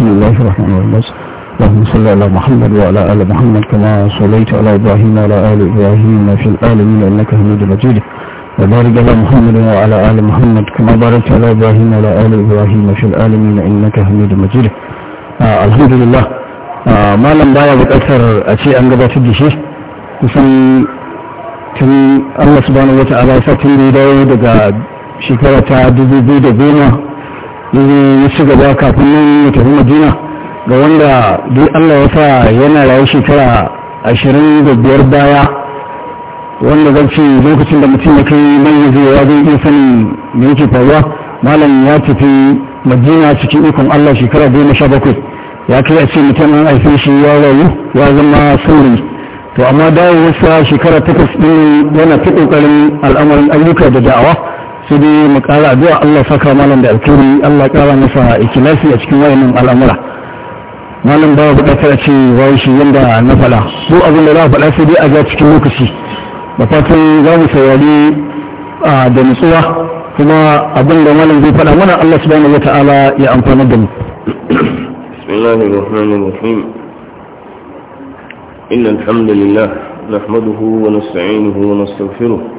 بسم الله الرحمن الرحيم اللهم صل على محمد وعلى آل محمد كما صليت على إبراهيم وعلى آل إبراهيم في العالمين إنك حميد مجيد وبارك على محمد وعلى آل محمد كما باركت على إبراهيم وعلى آل إبراهيم في العالمين إنك حميد مجيد آه الحمد لله آه ما لم بايا بكثر أشياء أنقبا تدشي kusan tun Allah subhanahu wa ta'ala ya sa tun da daga shekara ta 2010 ya ci gaba kafin nan ya tafi madina ga wanda duk allah ya sa yana rayu shekara ashirin da biyar baya wanda zan ce lokacin da mutum ya kai nan ya zai iya sanin da yake faruwa malam ya tafi madina cikin ikon allah shekara goma sha bakwai ya kai a ce mutum an haife shi ya rayu ya zama sauri to amma dawowarsa shekara takwas ɗin yana ta ƙoƙarin al'amarin ayyuka da da'awa sai dai mu kara addu'a Allah saka malam da alkhairi Allah kara masa ikhlasi a cikin wayannan al'amura malam ba bukatar ce wai shi yanda na fada ko abin da za faɗa sai dai a ga cikin lokaci da fatan za mu saurari da nutsuwa kuma abin da malam zai faɗa mana Allah subhanahu wata'ala ya amfana da mu bismillahir rahmanir rahim innal hamdalillah nahmaduhu wa nasta'inuhu wa nastaghfiruh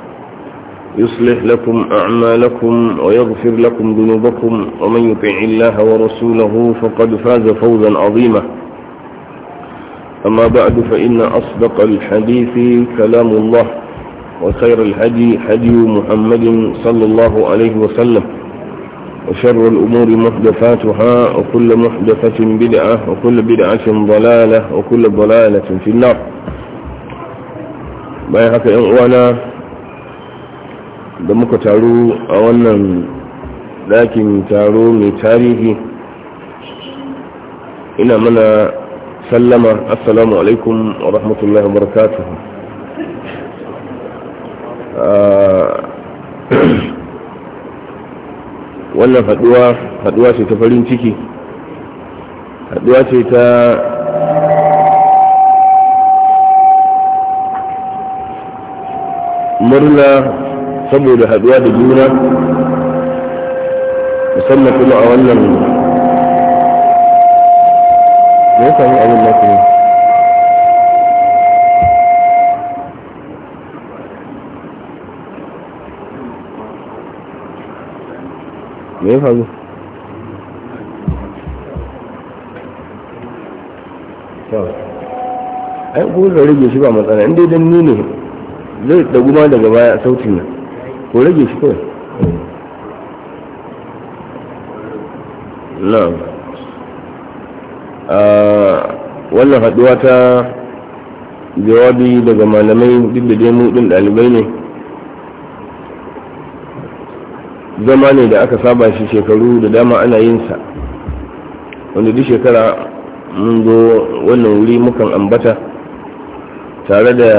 يصلح لكم أعمالكم ويغفر لكم ذنوبكم ومن يطع الله ورسوله فقد فاز فوزا عظيما أما بعد فإن أصدق الحديث كلام الله وخير الهدي هدي محمد صلى الله عليه وسلم وشر الأمور محدثاتها وكل محدثة بدعة وكل بدعة ضلالة وكل ضلالة في النار بايعك إن da muka taru a wannan ɗakin taro mai tarihi ina mana sallama assalamu alaikum wa rahmatullahi wa barakatuhu wannan haduwa haduwa ce ta farin ciki haduwa ce ta murna saboda haduwa da juna musamman kuma a wannan ne ya samu abin na kuma me ya faru ai ko rage shi ba matsala inda idan ni ne zai dagu ma daga baya sautin nan ko rage shi kawai ah, wannan haduwa ta jawabi daga malamai duk da dai mu dalibai ne zama ne da aka saba shi shekaru da dama ana yin sa wanda duk shekara mun zo wannan wuri mukan ambata tare da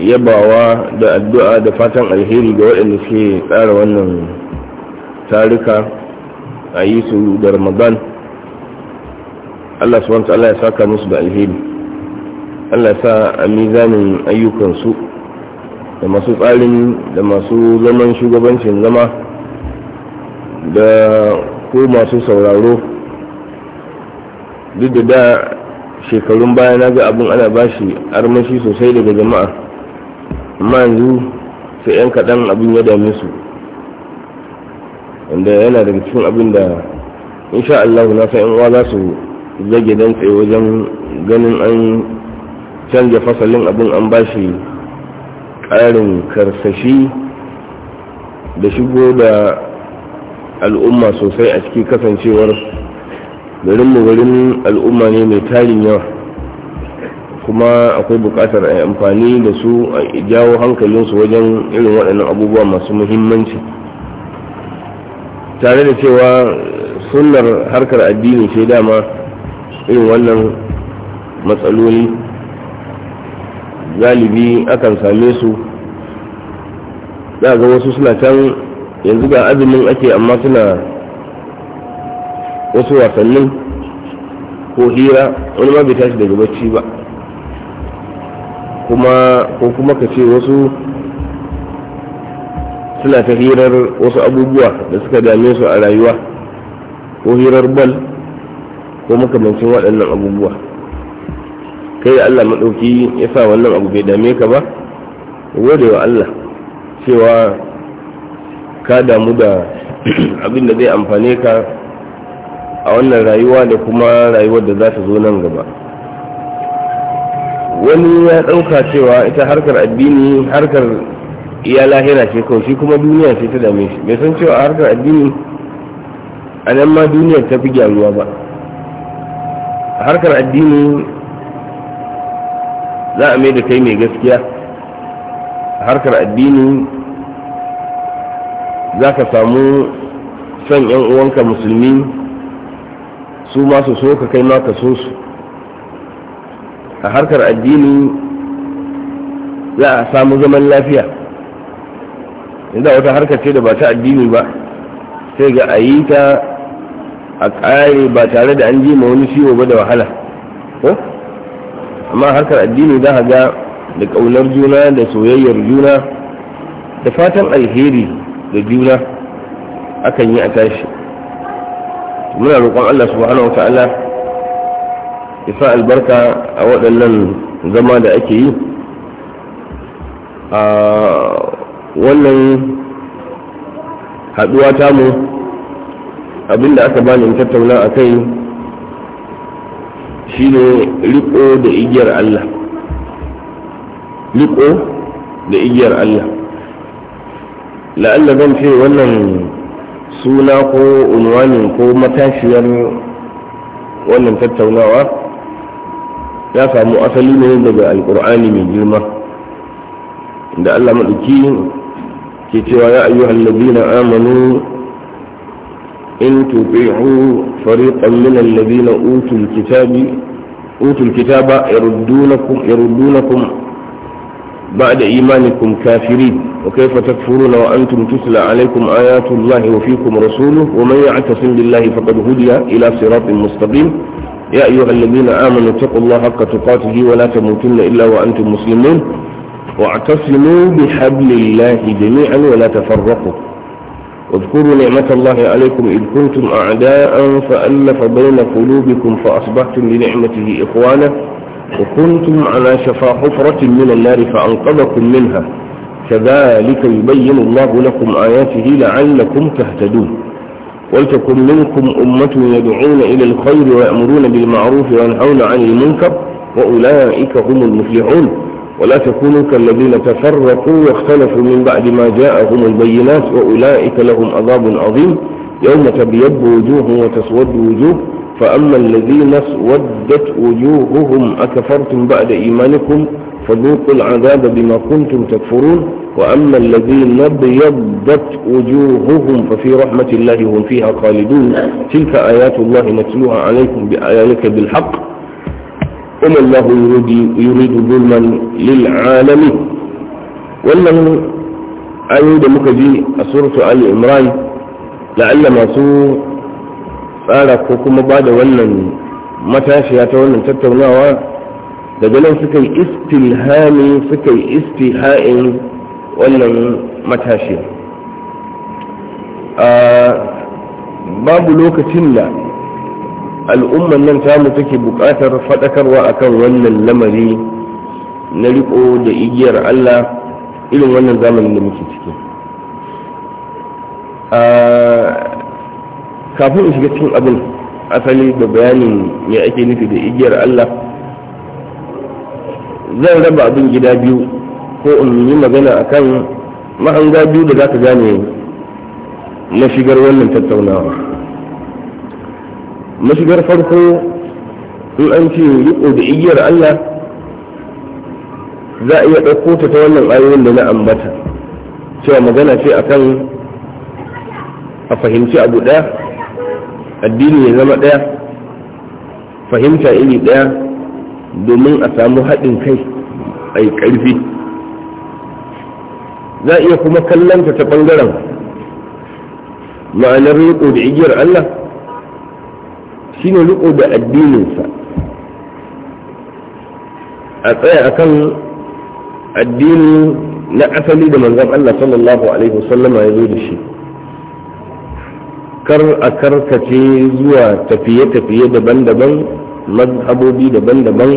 yabawa da addu'a da fatan alheri ga waɗanda ke tsara wannan tarika a yi su da ramadan allah subhanahu ta'ala ya saka musu da alheri allah sa a mizanin ayyukansu da masu tsarin da masu zaman shugabancin zama da ko masu sauraro duk da da shekarun baya na ga abin ana bashi armashi sosai daga jama'a amma yanzu sai 'yan kaɗan abin ya dame su wanda yana daga cikin abin da insha Allah na sa uwa za su zage dantse wajen ganin an canja fasalin abin an ba shi ƙarin karsashi da shigo da al'umma sosai a cikin kasancewar garinmu garin al'umma ne mai tarin yawa kuma akwai bukatar a yi amfani da su a jawo hankalinsu wajen irin waɗannan abubuwa masu muhimmanci tare da cewa sunnar harkar addini ce dama irin wannan matsaloli galibi akan same su ga wasu suna can yanzu ga azumin ake amma suna wasu wasannin ko hira wani ma bai tashi daga bacci ba kuma ko kuma ka ce wasu suna ta hirar wasu abubuwa da suka dame su a rayuwa ko hirar bal ko makamancin waɗannan abubuwa kai da allah maɗauki ya sa wannan abu bai dame ka ba wadda wa allah cewa ka damu da abin da zai amfane ka a wannan rayuwa da kuma rayuwar da za ta zo nan gaba wani ya ɗauka cewa ita harkar addini harkar iya lahira ce kawai shi kuma duniya ce ta dame shi bai san cewa harkar addini a nan ma duniya ta fi gyaruwa ba harkar addini za a mai da kai mai gaskiya harkar addini za ka samu son 'yan uwanka musulmi su masu so ka kai ma ka so su a harkar addini za a samu zaman lafiya inda wata harkar ce da ba ta addini ba sai ga a yi ta a ƙare ba tare da an ji ma wani ciwo ba da wahala ko amma harkar addini za a ga da ƙaunar juna da soyayyar juna da fatan alheri da juna akan yi a tashi muna roƙon allah subhanahu wa ta'ala isa albarka a waɗannan zama da ake yi a wannan haɗuwa tamu abinda aka bani ni tattauna a kai shi ne riƙo da igiyar Allah riƙo da igiyar Allah la'alla zan ce wannan suna ko unwanin ko matashiyar wannan tattaunawa ya samu asali ne daga alkur'ani mai girma da allah maɗauki ke cewa ya ayyuhal ladina amanu in tuti'u fariqan min alladhina utul kitabi utul kitaba yaruddunakum yaruddunakum بعد إيمانكم كافرين وكيف تكفرون وأنتم تتلى عليكم wa الله rasuluhu wa man ya'tasim billahi faqad hudiya ila siratin mustaqim يا أيها الذين آمنوا اتقوا الله حق تقاته ولا تموتن إلا وأنتم مسلمون واعتصموا بحبل الله جميعا ولا تفرقوا واذكروا نعمة الله عليكم إذ كنتم أعداء فألف بين قلوبكم فأصبحتم بنعمته إخوانا وكنتم على شفا حفرة من النار فأنقذكم منها كذلك يبين الله لكم آياته لعلكم تهتدون ولتكن منكم أمة يدعون إلى الخير ويأمرون بالمعروف وينهون عن المنكر وأولئك هم المفلحون ولا تكونوا كالذين تفرقوا واختلفوا من بعد ما جاءهم البينات وأولئك لهم عذاب عظيم يوم تبيض وجوه وتسود وجوه فأما الذين اسودت وجوههم أكفرتم بعد إيمانكم فذوقوا العذاب بما كنتم تكفرون وأما الذين ابيضت وجوههم ففي رحمة الله هم فيها خالدون تلك آيات الله نتلوها عليكم بآياتك بالحق وما الله يريد, يريد ظلما للعالمين ولمن أيود مكجي سورة آل عمران لعل ما سوء tsara ko kuma ba da wannan matashiya ta wannan tattaunawa daga nan suka yi istilhami suka yi istiha'in wannan matashiya a babu lokacin da al'umman nan tamu take buƙatar faɗakarwa akan wannan lamari na riko da igiyar Allah irin wannan zamanin da muke ciki kafin in shiga cikin abin asali da bayanin ya ake nufi da igiyar Allah zan raba abin gida biyu ko in yi magana a kan mahanga biyu da za ka gane mashigar wannan tattaunawa mashigar farko in an ce riko da igiyar Allah za a iya ɗauko ta ta wannan ayoyin da na ambata cewa magana ce akan a fahimci abu ɗaya addini ya zama ɗaya fahimta iri ɗaya domin a samu haɗin kai a yi ƙarfi za iya kuma kallonta ta ɓangaren ma'anar riko da igiyar Allah shi ne riko da addininsa a tsaya akan addini na asali da manzan Allah sallallahu alaihi wasallama ya zo da shi kar a karkace zuwa tafiye-tafiye daban-daban mazhabobi daban-daban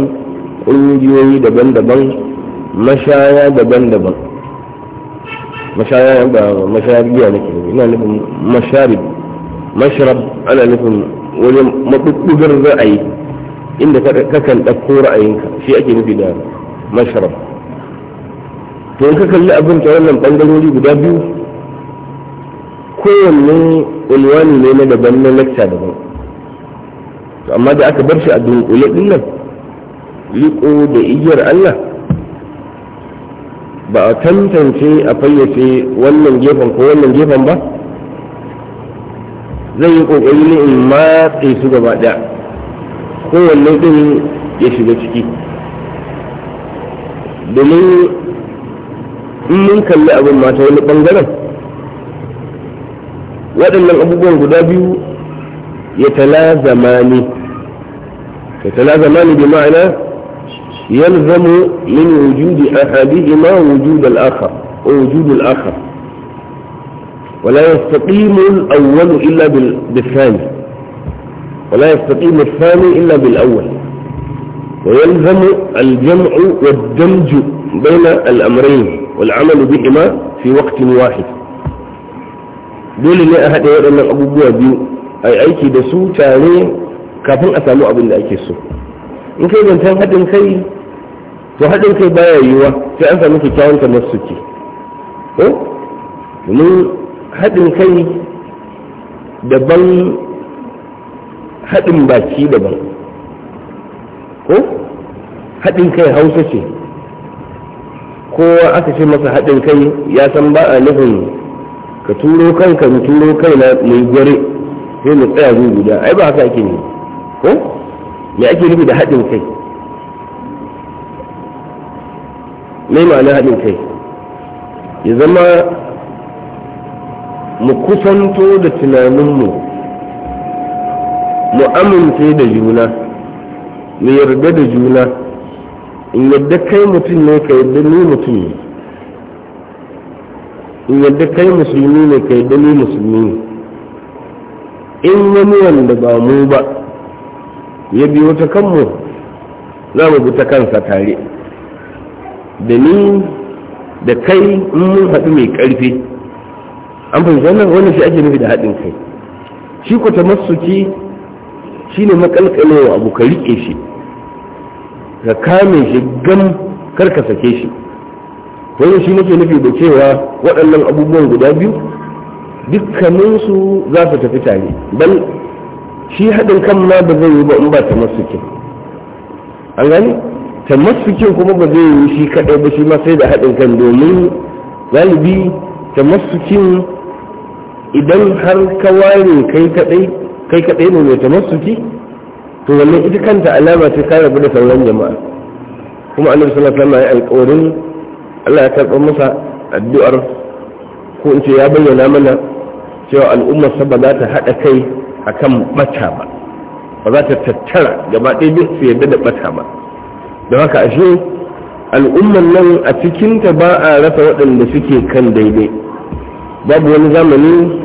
ƙungiyoyi daban-daban mashaya daban-daban mashaya ba mashaya biya nake ina nufin masharib mashrab ana nufin wani maɓuɓɓugar ra'ayi inda ka kan ɗauko ra'ayinka shi ake nufi da mashrab to in ka kalli abin ta wannan ɓangarori guda biyu kowanne unwani ne na daban na lakta daban to amma da aka bar shi a dunkule din nan liko da igiyar Allah ba a tantance a fayyace wannan gefen ko wannan gefen ba zai yi kokari ne in matse su gaba daya kowanne din ya shiga ciki domin in mun kalli abin mata wani bangaren waɗannan abubuwan guda biyu ya talazama ne ya talazama ne bi ma'ana yalzamu min wujudi ahadihima wujud al-akhar wa wujud al-akhar yastaqimu al-awwal illa bil الأول إلا بالثاني al يستقيم الثاني إلا بالأول ويلزم الجمع والدمج بين الأمرين والعمل بهما في وقت واحد dole ne a haɗe waɗannan abubuwa biyu a yi aiki da su tare kafin a samu abin da ake so in kai zancen haɗin kai to haɗin kai baya yiwuwa sai an samu kyakkyawan kamar ke ko domin haɗin kai daban haɗin baki daban ko haɗin kai hausa ce kowa aka ce masa haɗin kai ya san ba a nufin ka turo kanka mu turo kaina mu yi gware sai mu tsaya zuwa guda ai ba haka ake ne ko me ake nufi da haɗin kai me ma'ana haɗin kai ya zama mu kusanto da tunaninmu mu amince da juna mu yarda da juna in yadda kai mutum ne ka yadda ni mutum ne in yadda kai musulmi ne kai dani musulmi ne in wani wanda ba mu ba ya biyo ta kanmu za mu bi ta kansa tare da ni da kai in mun haɗu mai ƙarfi an fahimci wannan wani shi ake nufi da haɗin kai shi ku shi ne makalkalewa abu ka riƙe shi ka kame shi gam kar ka sake shi wannan shi nake nufi da cewa waɗannan abubuwan guda biyu dukkaninsu za su tafi tare bal shi haɗin kan ma ba zai yi ba in ba ta masukin an gani ta masukin kuma ba zai yi shi kaɗai ba shi ma sai da haɗin kan domin galibi ta masukin idan har ka ware kai kaɗai kai kaɗai ne mai ta masuki to wannan ita kanta alama ce ka rabu da sauran jama'a kuma annabi sallallahu alaihi wasallam ya alƙawarin Allah ya karɓar masa addu'ar ko in ce ya bayyana mana cewa al'ummar saba za ta haɗa kai akan ɓata ba ba za ta tattara gaba ɗaya duk su yadda da ɓata ba da haka ashe al'ummar nan a cikinta ba a rasa waɗanda suke kan daidai babu wani zamani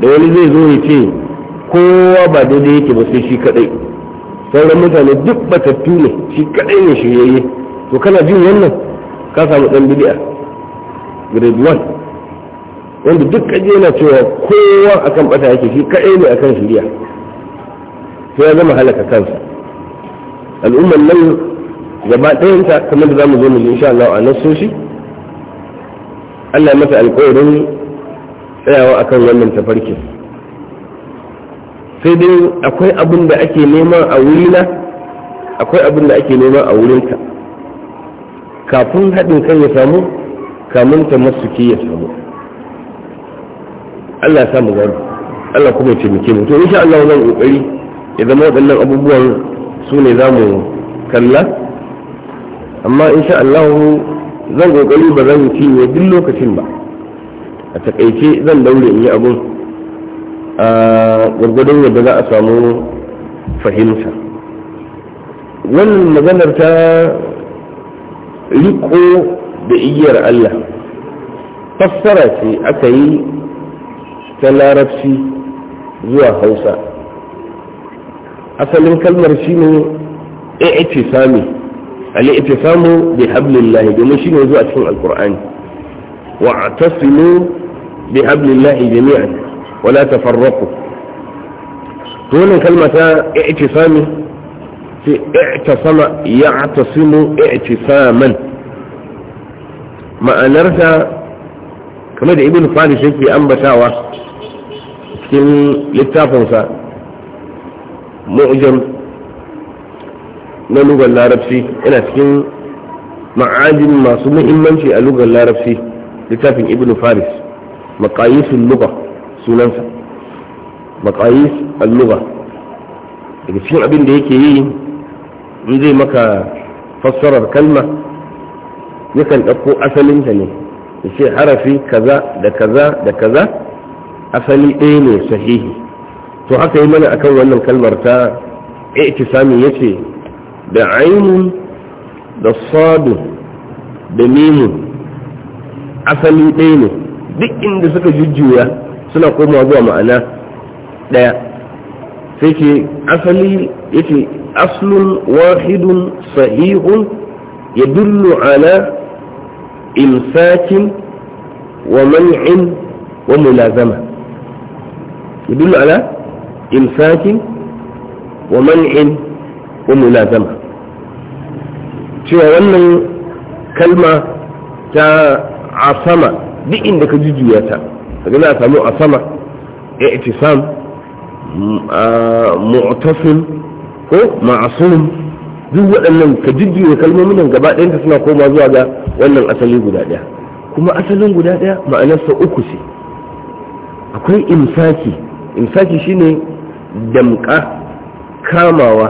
da wani zai zo ya ce kowa ba daidai yake ba sai shi kaɗai, sauran mutane duk batattu ne shi kaɗai ne shiryayye to kana jin wannan ka samu dan bid'a grade 1 wanda duk kaje yana cewa kowa akan bata yake shi kai ne akan shiriya to ya zama halaka kansa al'ummar nan gaba ɗayanta kamar da zamu zo mu insha Allah a nan shi, Allah ya mata alƙawarin tsayawa akan wannan tafarkin sai dai akwai abin da ake nema a wurina akwai abin da ake nema a wurinka kafin haɗin kan ya samu kamun ta masuki ya samu Allah ya samu gano Allah kuma ya taimake mu to insha Allah zan kokari ya zama waɗannan abubuwan su ne za mu kalla amma insha Allah zan kokari ba zan ne duk lokacin ba a takaice zan daure in yi abun a gwargwadon yadda za a samu fahimta wannan maganar ta riko da igiyar Allah fassara ce aka yi ta larabci zuwa hausa asalin kalmar shi ne sami, i'tisami al samu bi hablillahi domin shi ne zuwa cikin alkur'ani wa atasimu bi hablillahi jami'an wala tafarraqu to wannan a ta sami. sai i'tasama ya'tasimu i'tisaman da ibn faris yake ambatawa cikin littafinsa mu'jam na lugar larabci yana cikin ma'ajin masu muhimmanci a lugar larabci littafin ibn faris maqayisul lugha daga cikin abin da yake yi in zai maka fassarar kalma yakan ɗauko asalinta ne ya ce harafi kaza da kaza da kaza asali ɗaya ne sahihi to haka yi mana akan wannan kalmar ta ikisami ya ce da ainun da sadu da mimun asali ɗaya ne duk inda suka jujjuya suna komawa zuwa ma'ana ɗaya فيكي عفلي يكي أصل واحد صحيح يدل على إمساك ومنع وملازمة يدل على إمساك ومنع وملازمة شو أن كلمة تعصمة عصمة لك جيجياتها فقال لا أسمو عصمة اعتصام mu'tasil ko ma'asum duk waɗannan ka jijjiwa kalmomin nan gaba ɗayanta suna koma zuwa ga wannan asali guda ɗaya kuma asalin guda ɗaya ma'anarsa uku ce akwai imsaki imsaki shine damƙa kamawa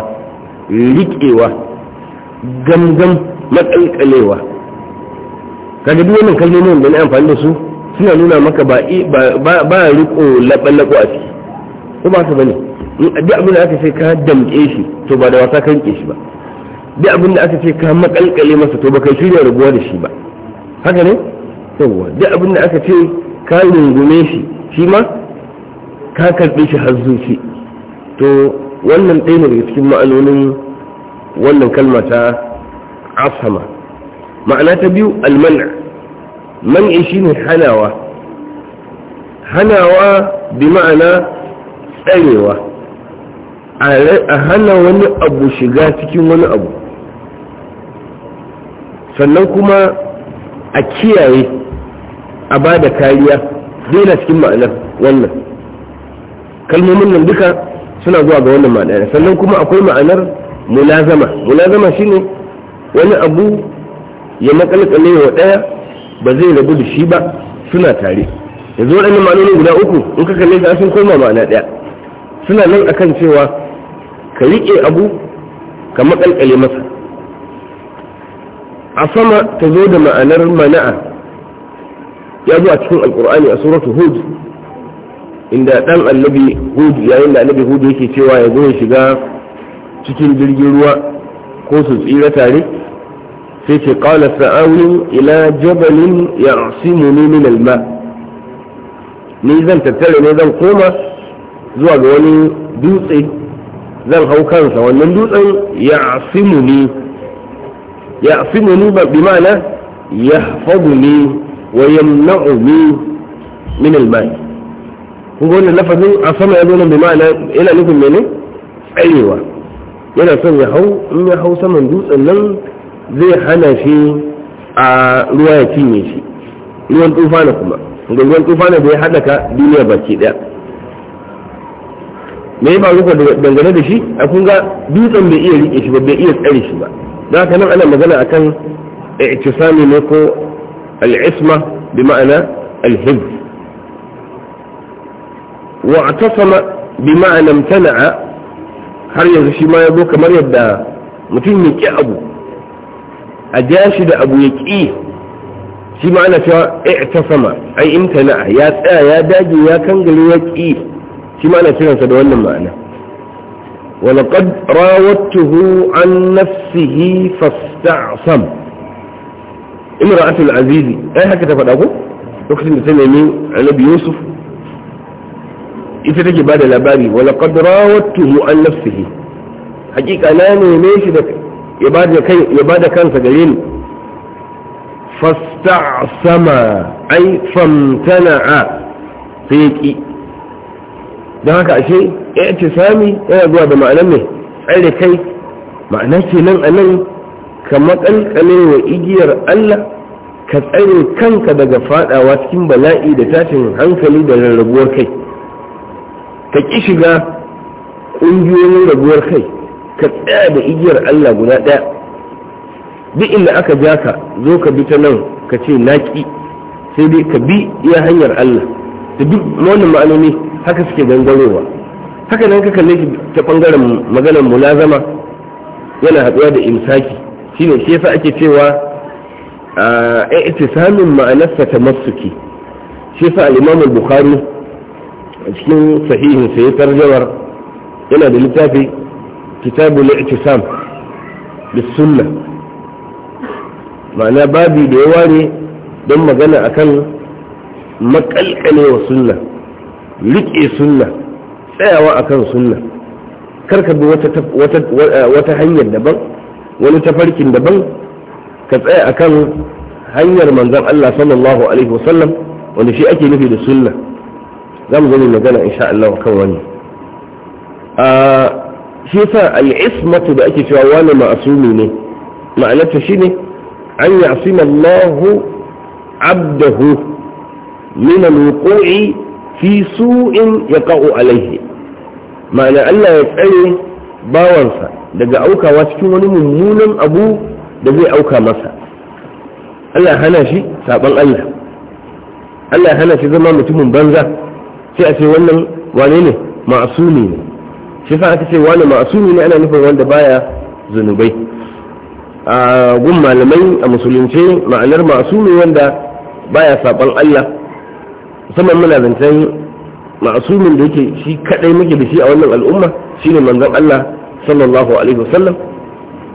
riƙewa gangan matsalƙalewa kaga duk wannan kalmomin da na amfani da su suna nuna maka ba ba riƙo laɓa-laɓa a ciki ko ba ta bane duk abin da aka ce ka damƙe shi to ba da wasa ka shi ba duk abin da aka ce ka makalkale masa to ba kai shirya rabuwa da shi ba haka ne yawwa duk abin da aka ce ka rungume shi shi ma ka karɓe shi har zuci to wannan ɗaya ne daga cikin ma'anonin wannan kalma ta asama ma'ana ta biyu almana man'i shine hanawa hanawa bi ma'ana tsarewa a hana wani abu shiga cikin wani abu sannan kuma a kiyaye a ba da kariya daina cikin ma'anar wannan kalmomin nan duka suna zuwa ga wannan ma'anar sannan kuma akwai ma'anar mulazama mulazama shine wani abu ya makalkale wa ɗaya ba zai rabu da shi ba suna tare yanzu waɗannan ma'anoni guda uku in ka kalle ga sun koma ma'ana ɗaya suna nan akan cewa ka riƙe abu ka maƙalƙale masa a sama ta zo da ma'anar mana'a ya zo a cikin alƙur'ani a suratu hud inda ɗan annabi hud yayin da annabi hud yake cewa ya zo ya shiga cikin jirgin ruwa ko su tsira tare sai ce qala sa'awin ila jabalin ya'simuni min alma ni zan tattare ne zan koma zuwa ga wani dutse zan hau kansa wannan dutsen ya asimu ni ya ba bi ma'ana ya ni, wa ni min almai kun wannan lafazin a sama ya zo nan bi ma'ana yana nufin mene tsayewa yana son ya hau in ya hau saman dutsen nan zai hana shi a ruwa ya cinye shi ruwan tufa na kuma ruwan tufa na da ya haɗaka duniya baki ɗaya me ya faru dangane da shi a kun ga dutsen bai iya rike shi ba bai iya tsare shi ba da haka nan ana magana akan i'tisami ne ko al'isma bi ma'ana al-hib wa atasama bi ma'ana mtana'a har yanzu shi ma kamar yadda mutum ya ki abu a ja shi da abu ya ki shi ma ana cewa i'tasama ai imtana'a ya tsaya ya dage ya kangare ya ki شما أنا تنسى دولنا معنا ولقد راودته عن نفسه فاستعصم امرأة العزيزي ايه هكذا فتاكو وكذا نسمي من أبي يوسف يفتجي بعد لا الاباري ولقد راودته عن نفسه حقيقة أنا ميش دك يبعد كان سجلين فاستعصم اي فامتنع فيك don haka ashe Sami yana zuwa da ma'anar ne tsare kai ma'ana kenan a nan ka makalkale wa igiyar Allah ka tsare kanka daga faɗawa cikin bala'i da tashin hankali da rarrabuwar kai ka ki shiga ƙungiyoyin rabuwar kai ka tsaya da igiyar Allah guda ɗaya duk inda aka ja ka zo ka bi ta nan ka ce naƙi sai dai ka bi iya hanyar Allah da duk wani ma'anoni haka suke gangarowa haka nan ka kalle shi ta bangaren maganar mulazama yana haɗuwa da imsaki shine shi yasa ake cewa a itisamin ma'anarsa ta masuki shi yasa al-Imam al-Bukhari a cikin sahihin sa ya tarjawar yana da littafi kitabul i'tisam bis sunna ma'ana babi da ya ware don magana akan wa sunna rike sunna tsayawa akan sunna karka bi wata hanyar daban wani tafarkin daban ka tsaya akan hanyar manzon Allah sallallahu alaihi wasallam wanda shi ake nufi da sunna za mu zama magana insha Allah kan wani shi sa al'ismatu da ake cewa wani ma'asumi ne ma'anarta shine an ya'sima Allahu abdahu min al-wuqu'i ya su'in yaqa'u alayhi ma'ana Allah ya tsare bawansa daga aukawa cikin wani mummunan abu da zai auka masa Allah hana hana shi zama mutumin banza sai a ce wannan wane ne ma'asumi ne shi sa aka ce wane ma'asumi ne ana nufin wanda baya zunubai a gun malamai a musulunce ma'anar ma'asumi wanda baya saban Allah musamman muna zancen ma'asumin da yake shi kadai muke da shi a wannan al'umma shine manzon Allah sallallahu alaihi wasallam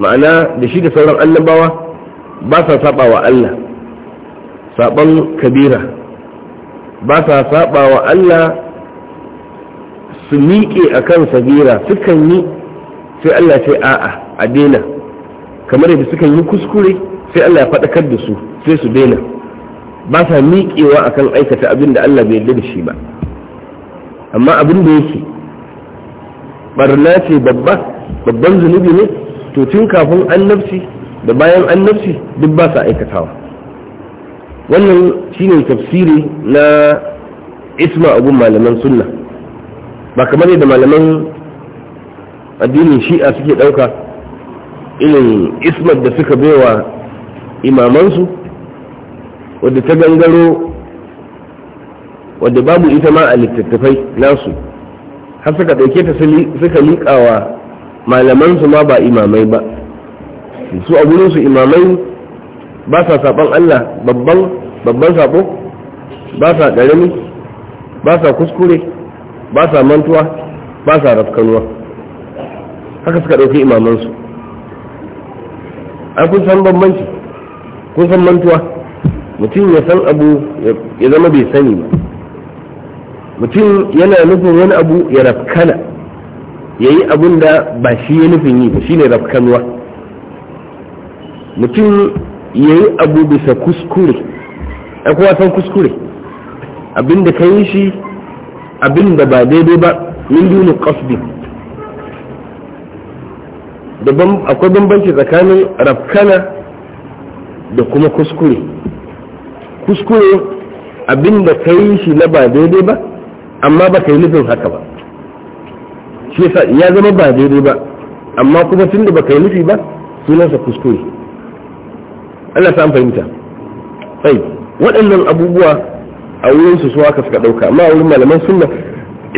ma'ana da shi da sauran annabawa ba sa saba wa Allah saban kabira ba sa saba wa Allah su miƙe kan sabira sukan yi sai Allah ce a'a a daina kamar yadda sukan yi kuskure sai Allah ya faɗakar da su sai su daina ba sa miƙewa a kan aikata abin da Allah bai yarda da shi ba amma abin da yake barna ce babba babban zunubi ne to tun kafin annabci da bayan annabci duk ba sa aikatawa wannan shine tafsiri na isma abun malaman sunna ba kamar yadda malaman addinin shi'a suke ɗauka irin ismar da suka baiwa imamansu wadda ta gangaro wadda babu ita ma a littattafai nasu har suka ɗauke ta suka liƙawa malamansu ma ba imamai ba su a su imamai ba sa saɓon allah babban saɓo ba sa ƙarami ba sa kuskure ba sa mantuwa ba sa rafkanuwa haka suka ɗauki imamansu ai kun san bambanci kun san mantuwa mutum ya san abu ya zama bai sani ba mutum yana nufin wani abu ya rafkana ya yi abin da ba shi ya nufin yi ba shi ne rafkanuwa mutum ya yi abu bisa kuskure a kuwa san kuskure abin da ka yi shi abin da ba daidai ba min dunin kasbi akwai bambanci tsakanin rafkana da kuma kuskure kuskure abin da ka yi shi na ba daidai ba amma ba ka yi nufin haka ba shi yasa ya zama ba daidai ba amma kuma tun da ba ka yi nufi ba sunansa kuskure Allah sa fahimta sai waɗannan abubuwa a wurin su haka suka ɗauka amma wurin malaman sunna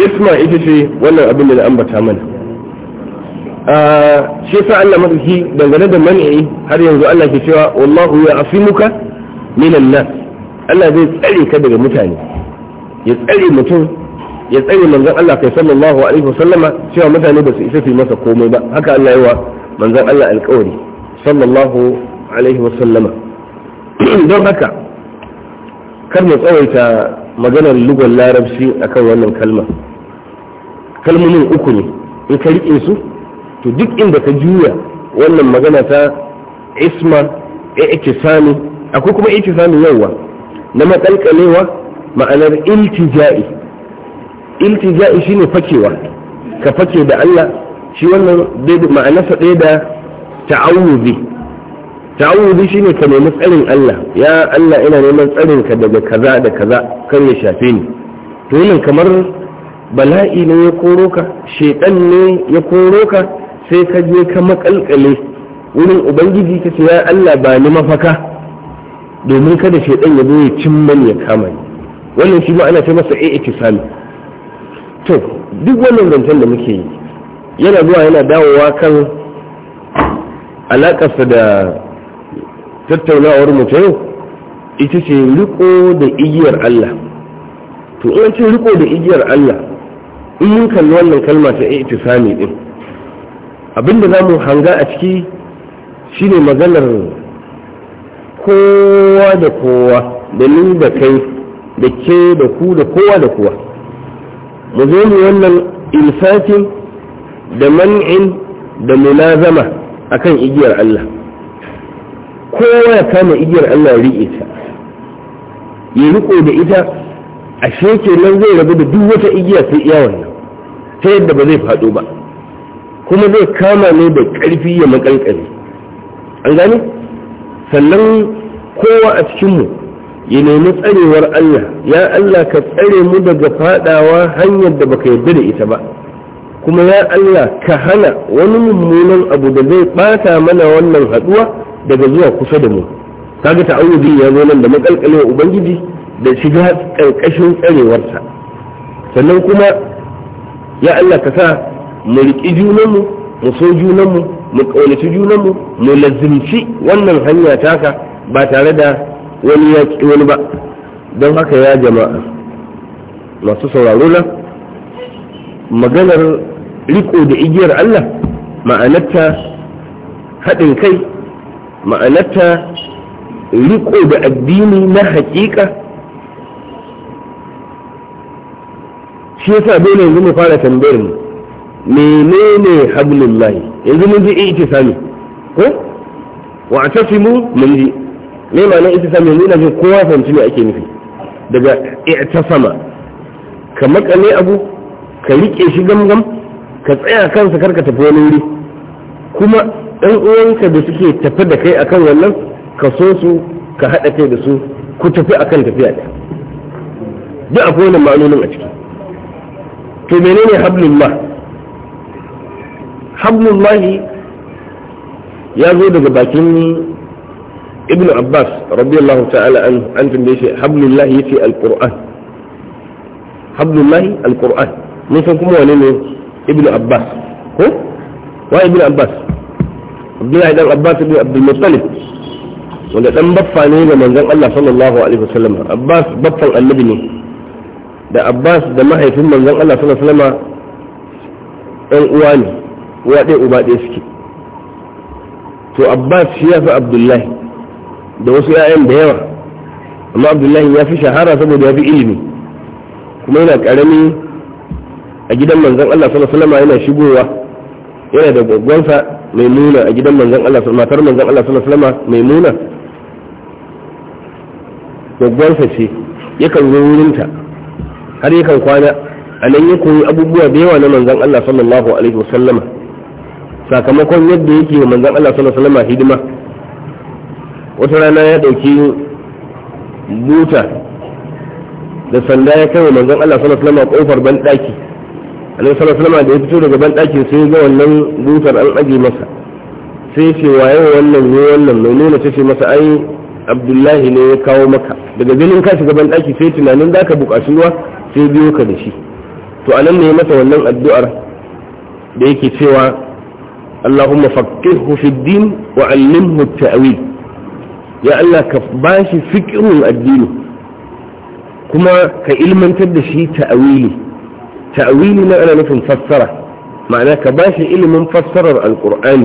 isma ita ce wannan abin da na ambata mana shi yasa Allah madauki dangane da man'i har yanzu Allah ke cewa wallahu ya asimuka minan nas Allah zai tsare ka daga mutane ya tsare mutum ya tsare manzon Allah kai sallallahu alaihi wasallama cewa mutane ba su isa fi masa komai ba haka Allah yawa manzon Allah alƙawari sallallahu alaihi wasallama don haka kar mu tsawaita maganar lugar larabci akan wannan kalma kalmomin uku ne in ka riƙe su to duk inda ka juya wannan magana ta isma ya ake sami akwai kuma ake sami yawa na makalkalewa ma'anar iltija'i iltija'i ne fakewa ka fake da Allah shi wannan ma'anarsa ɗaya da ta'awuzi ta'awuzi ne ka nemi tsarin Allah ya Allah ina neman tsarin ka daga kaza da kaza kar ya shafe ni to wannan kamar bala'i ne ya koro ka shedan ne ya koro ka sai ka je ka makalkale wurin ubangiji ka ce ya Allah ba ni mafaka domin kada shaidan ya zo ya cimman ya kama ni wannan shi ma ana ce masa a ikisami to duk wannan zancen da muke yi yana zuwa yana dawowa kan alakarsa da tattaunawar mu ta yau ita ce riko da igiyar Allah to in ce riko da igiyar Allah in mun kalli wannan kalma ta ikisami din abinda zamu hanga a ciki shine maganar kowa da kowa da ni da kai da ke da ku da kowa da kowa mu zo mu wannan ilfatin da man'in da mulazama akan igiyar Allah kowa ya kama igiyar Allah riƙe ta ya riko da ita a nan zai rabu da duk wata igiya sai iya wannan ta yadda ba zai faɗo ba kuma zai kama ne da ƙarfi ya makalkare an gane sannan kowa a cikinmu ya nemi tsarewar Allah ya Allah ka tsare mu daga fadawa hanyar da baka yarda da ita ba kuma ya Allah ka hana wani mummunan abu da zai bata mana wannan haduwa daga zuwa kusa da mu kaga ta'awudi ya zo nan da makalkalewa ubangiji da shiga karkashin tsarewarsa sannan kuma ya Allah ka sa mu riƙi junanmu mu so junanmu mu ƙaunaci junanmu mu lazimci wannan hanya taka ba tare da wani ya wani ba don haka ya jama'a masu sauraro na maganar riko da igiyar Allah ma'anarta haɗin kai ma'anarta riko da addini na haƙiƙa shi yasa dole yanzu mu fara tambayar mu menene hablullahi yanzu mun ji itisami ko wa atasimu mun ji me ma'anar itisami yanzu ina jin kowa fahimci me ake nufi daga i'tasama ka makale abu ka rike shi gamgam ka tsaya kansa karka tafi wani wuri kuma ɗan uwanka da suke tafi da kai akan wannan ka so su ka haɗa kai da su ku tafi akan tafiya ɗaya duk akwai wannan ma'anonin a ciki to menene hablullah hablullahi ya zo daga bakin ibn abbas radiyallahu ta'ala an tambaye shi hablullahi yace alquran hablullahi alquran mun san kuma wane ne ibn abbas ko wa ibn abbas abdullah dan abbas ibn abdul muttalib wanda dan baffa ne ga manzon Allah sallallahu alaihi wasallam abbas baffan annabi ne da abbas da mahaifin manzon Allah sallallahu alaihi wasallam ɗan uwa ne wa ɗaya uba ɗaya suke to abbas shi ya fi abdullahi da wasu 'ya'yan da yawa amma abdullahi ya fi shahara saboda ya fi ilimi kuma yana ƙarami a gidan manzan allah sallallahu alaihi yana shigowa yana da gwaggwansa mai nuna a gidan manzan allah matar manzan allah sallallahu alaihi mai nuna gwaggwansa ce yakan zo wurinta har yakan kwana a nan ya koyi abubuwa da yawa na manzan allah sallallahu alaihi wasallama sakamakon yadda yake wa manzan Allah sallallahu alaihi wasallam hidima wata rana ya dauki buta da sanda ya kai wa manzan Allah sallallahu alaihi wasallam kofar ban daki annabi sallallahu alaihi wasallam da ya fito daga ban daki sai ga wannan butar an aje masa sai ce waye wannan ne wannan mai nuna ce masa ai Abdullahi ne ya kawo maka daga ganin ka shiga ban daki sai tunanin ka buƙaci ruwa sai biyo ka da shi to anan ne masa wannan addu'ar da yake cewa اللهم فقهه في الدين وعلمه التأويل يا الله كباشي فكره الدين كما كإلما شيء تأويلي تأويلي ما أنا نفهم فسره معناه كباشي إلما فسر القرآن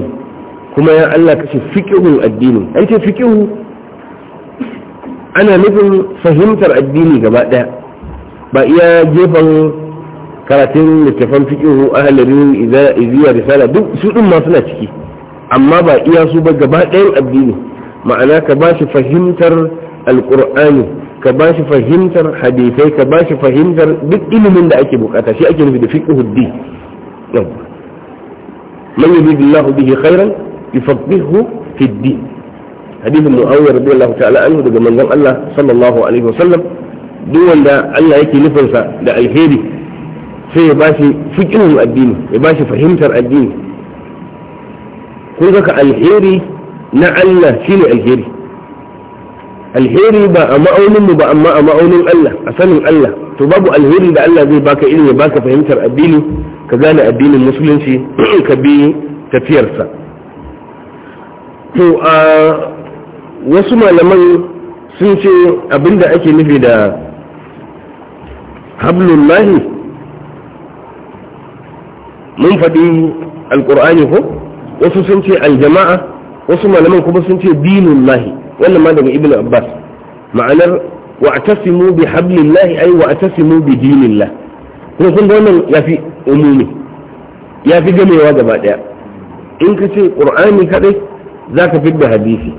كما يا الله كشي فكر الدين أنت فكره أنا نفهم فهمت الدين كما ده بقى يا جبل karatun littafan fikihu ahalarin iziya risala duk su din ma suna ciki amma ba iya su ba gaba ɗayan addini ma'ana ka ba shi fahimtar alƙur'ani ka ba shi fahimtar hadisai ka ba shi fahimtar duk ilimin da ake bukata shi ake nufi da fikihu di man yuridu Allahu bihi khairan yufaqihu fi din hadisin mu'awiyar radiyallahu ta'ala anhu daga manzon Allah sallallahu alaihi wasallam duk wanda Allah yake nufinsa da alheri sai ya bashi fikin addini ya bashi fahimtar addini kun saka alheri na Allah shine alheri alheri ba a ma'aunin mu ba amma a ma'aunin Allah a sanin Allah to babu alheri da Allah zai baka ilimi baka fahimtar addini ka gane addinin musulunci ka bi tafiyarsa to a wasu malaman sun ce abinda ake nufi da hablullahi mun faɗi alƙur'ani ko wasu sun ce aljama'a wasu malaman kuma sun ce dinun lahi wannan ma daga ibn abbas ma'anar wa'tasimu bi hablillahi ay wa'tasimu bi dinillah kuma kun ga wannan yafi umumi fi gamewa gaba ɗaya in ka ce qur'ani kadai zaka fidda hadisi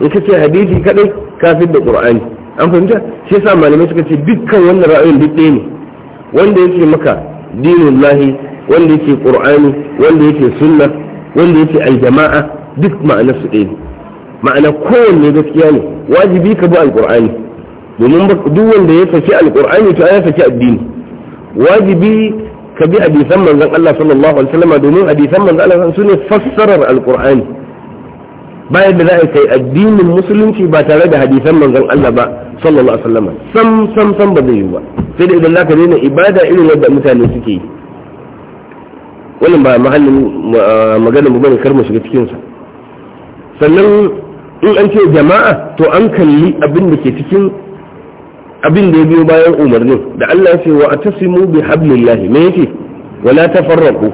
in ka ce hadisi kaɗai ka fidda qur'ani an fahimta shi yasa malamai suka ce dukkan wannan ra'ayin duk ɗaya ne wanda yake maka dinun lahi wanda yake qur'ani wanda yake sunna wanda yake aljama'a duk ma'anar su ɗaya ma'ana kowanne gaskiya ne wajibi ka bi alqur'ani domin duk wanda ya saki alqur'ani to ya saki addini wajibi ka bi hadisan manzon Allah sallallahu alaihi wasallam domin hadisan manzon Allah sune fassarar alqur'ani bayan da za a kai addinin musulunci ba tare da hadisan manzon Allah ba sallallahu alaihi wasallam sam sam sam ba zai yi ba sai da idan zaka daina ibada irin yadda mutane suke yi wannan ba mahallin maganar mu bane kar mu shiga cikin sa sannan in an ce jama'a to an kalli abin da ke cikin abin da ya biyo bayan umarnin da Allah ya ce wa atasimu bi hablillahi me yake wala tafarraqu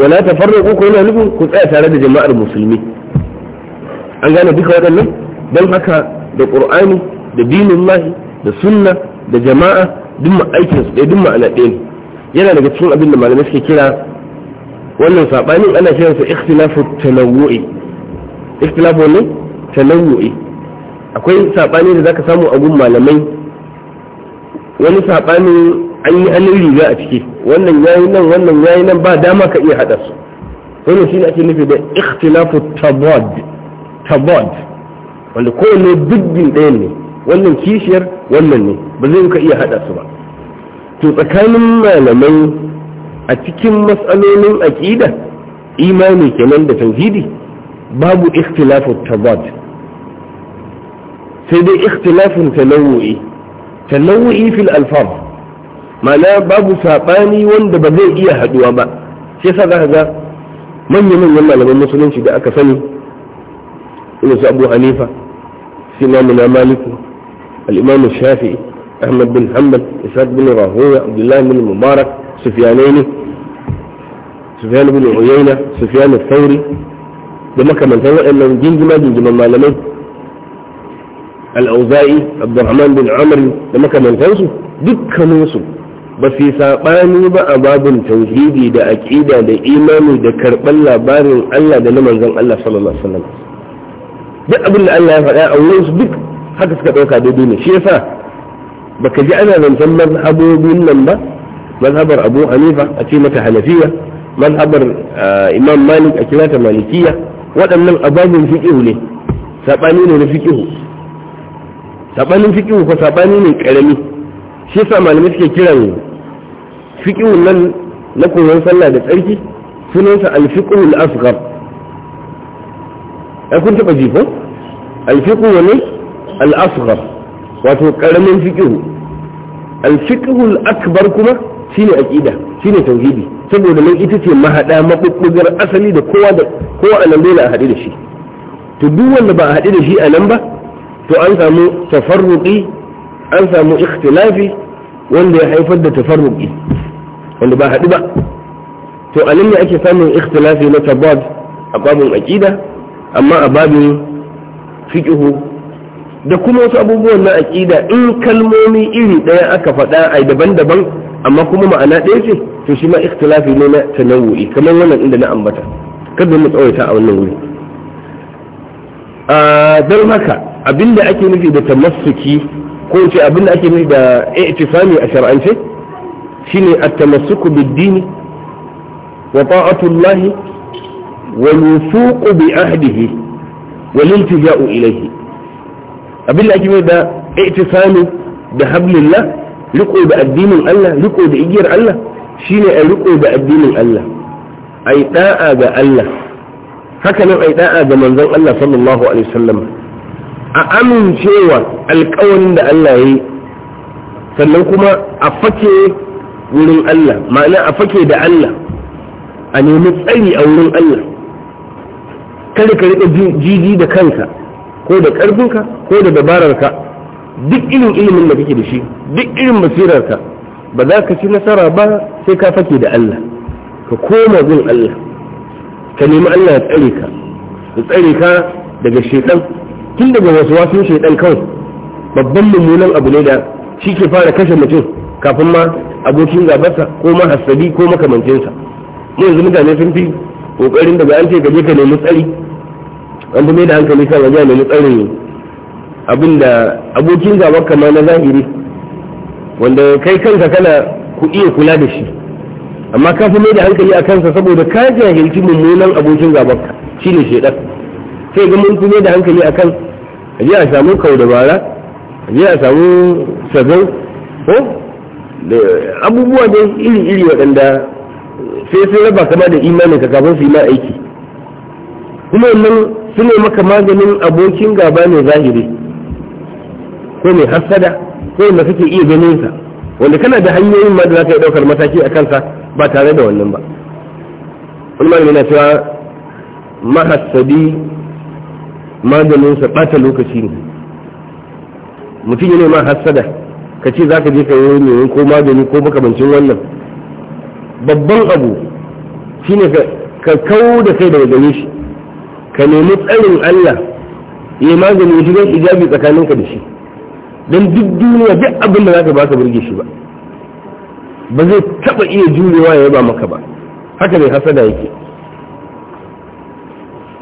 wala tafarraqu ko yana nufin ku tsaya tare da jama'ar musulmi an gane duka waɗannan don haka da qur'ani da dinullahi da sunna da jama'a duk aikin su ɗaya duk ma'ana ɗaya yana daga cikin abin da malamai suke kira wannan sabanin ana kiran sa ikhtilafu tanawu'i ikhtilafu ne tanawu'i akwai saɓani da zaka samu a gun malamai wani saɓani an yi hannun riga a ciki wannan yayi nan wannan yayi nan ba dama ka iya haɗa su wannan ne ake nufi da ikhtilafu tabad tabad wanda kowanne dubbin ɗaya ne wannan kishiyar wannan ne ba zai ka iya haɗa su ba to tsakanin malamai a cikin matsalolin aƙida imani kenan da tauhidi babu ikhtilafu tabat sai dai ikhtilafun talawu'i talawu'i fil alfaz ma'ana babu saɓani wanda ba zai iya haɗuwa ba shi sa za ga manya-manyan malaman musulunci da aka sani Ina su abu hanifa imamuna maliku al-imamu shafi, ahmad bin hanbal ishaq bin rahuya abdullahi bin mubarak sufyanai ne sufyan bin uyayna sufyan al-thawri da makamantan waɗannan jinjima jinjiman malamai al-auza'i abdurrahman bin amr da makamantansu dukkaninsu ba su yi saɓani ba a babin tauhidi da aƙida da imani da karɓar labarin Allah da na manzon Allah sallallahu alaihi wasallam duk abin da Allah ya faɗa a wurin su duk haka suka ɗauka daidai ne shi yasa baka ji ana zancen mazhabobin nan ba mazhabar Abu Hanifa a ce mata Hanafiya mazhabar eh, imam malik a kirata malikiya waɗannan ababin fiƙihu ne saɓani ne na fiƙihu saɓanin fiƙihu ko saɓani ne ƙarami shi sa malamai suke kiran fiƙihu nan na koyon sallah da tsarki sunansa alfiƙihu al-asghar ai kun taɓa jifo alfiƙihu ne al wato ƙaramin fiƙihu alfiƙihu al kuma shine aƙida shine tauhidi saboda nan ita ce mahaɗa maɓuɓɓugar asali da kowa da kowa a nan dole a haɗu da shi to duk wanda ba a haɗu da shi a nan ba to an samu tafarruƙi an samu ikhtilafi wanda ya haifar da tafarruƙi wanda ba haɗu ba to a nan ne ake samun ikhtilafi na sabab a babin aƙida amma a babin fiƙihu da kuma wasu abubuwan na aƙida in kalmomi iri ɗaya aka faɗa a daban-daban amma kuma ma'ana ɗaya ce to shi ma ikhtilafi ne na tanawu'i kamar wannan inda na ambata kada mu tsawaita a wannan wuri a don haka abinda ake nufi da tamassuki ko ce abinda ake nufi da i'tifami a shar'ance shine at-tamassuku bid-din wa ta'atu Allah wal wufuq bi ahdihi wal iltija'u ilayhi abin da ake mai da i'tisalu da hablillah riko da addinin Allah riko da igiyar Allah shine a riko da addinin Allah ai da'a ga Allah haka nan ai da'a ga manzon Allah sallallahu alaihi wasallam a amincewa alƙawarin da Allah yayi sannan kuma a fake wurin Allah ma'ana a fake da Allah a nemi tsari a wurin Allah kada ka riƙe jiji da kanka ko da ƙarfinka ko da dabararka duk irin ilimin da kake da shi duk irin basirarka ba za ka ci nasara ba sai ka fake da Allah ka koma gun Allah ka nemi Allah ya tsare ka ya tsare ka daga shedan tun daga wasu wasu shedan kawai babban mummunan abu ne da shi ke fara kashe mutum kafin ma abokin gabarsa ko ma hasabi ko makamancinsa yanzu mutane sun fi kokarin daga an ce ka je ka nemi tsari wanda mai da hankali kan wajen nemi tsarin abinda abokin gaba kama na zahiri wanda kai kanka kana ku iya kula da shi amma ka fi mai da hankali a kansa saboda ka jahilci mummunan abokin shi ne shedan sai ga mun fi mai da hankali a kan a ji a samu kau bara a ji a samu sabon ko da abubuwa da iri-iri waɗanda sai sun raba kama da imanin ka kafin su yi ma aiki kuma wannan sune maka maganin abokin gaba ne zahiri ko mai hasada ko wanda kake iya ganin sa wanda kana da hanyoyin ma da za ka yi ɗaukar mataki a kansa ba tare da wannan ba wani malami na cewa mahasadi maganinsa ɓata lokaci ne mutum yana ma hasada ka ce za ka je ka yi neman ko magani ko makamancin wannan babban abu shine ka kau da kai daga gare shi ka nemi tsarin Allah ya magani shi don ijabi tsakaninka da shi don duk duniya duk abin da zaka baka burge shi ba ba zai taba iya jurewa ya yaba maka ba haka ne hasada yake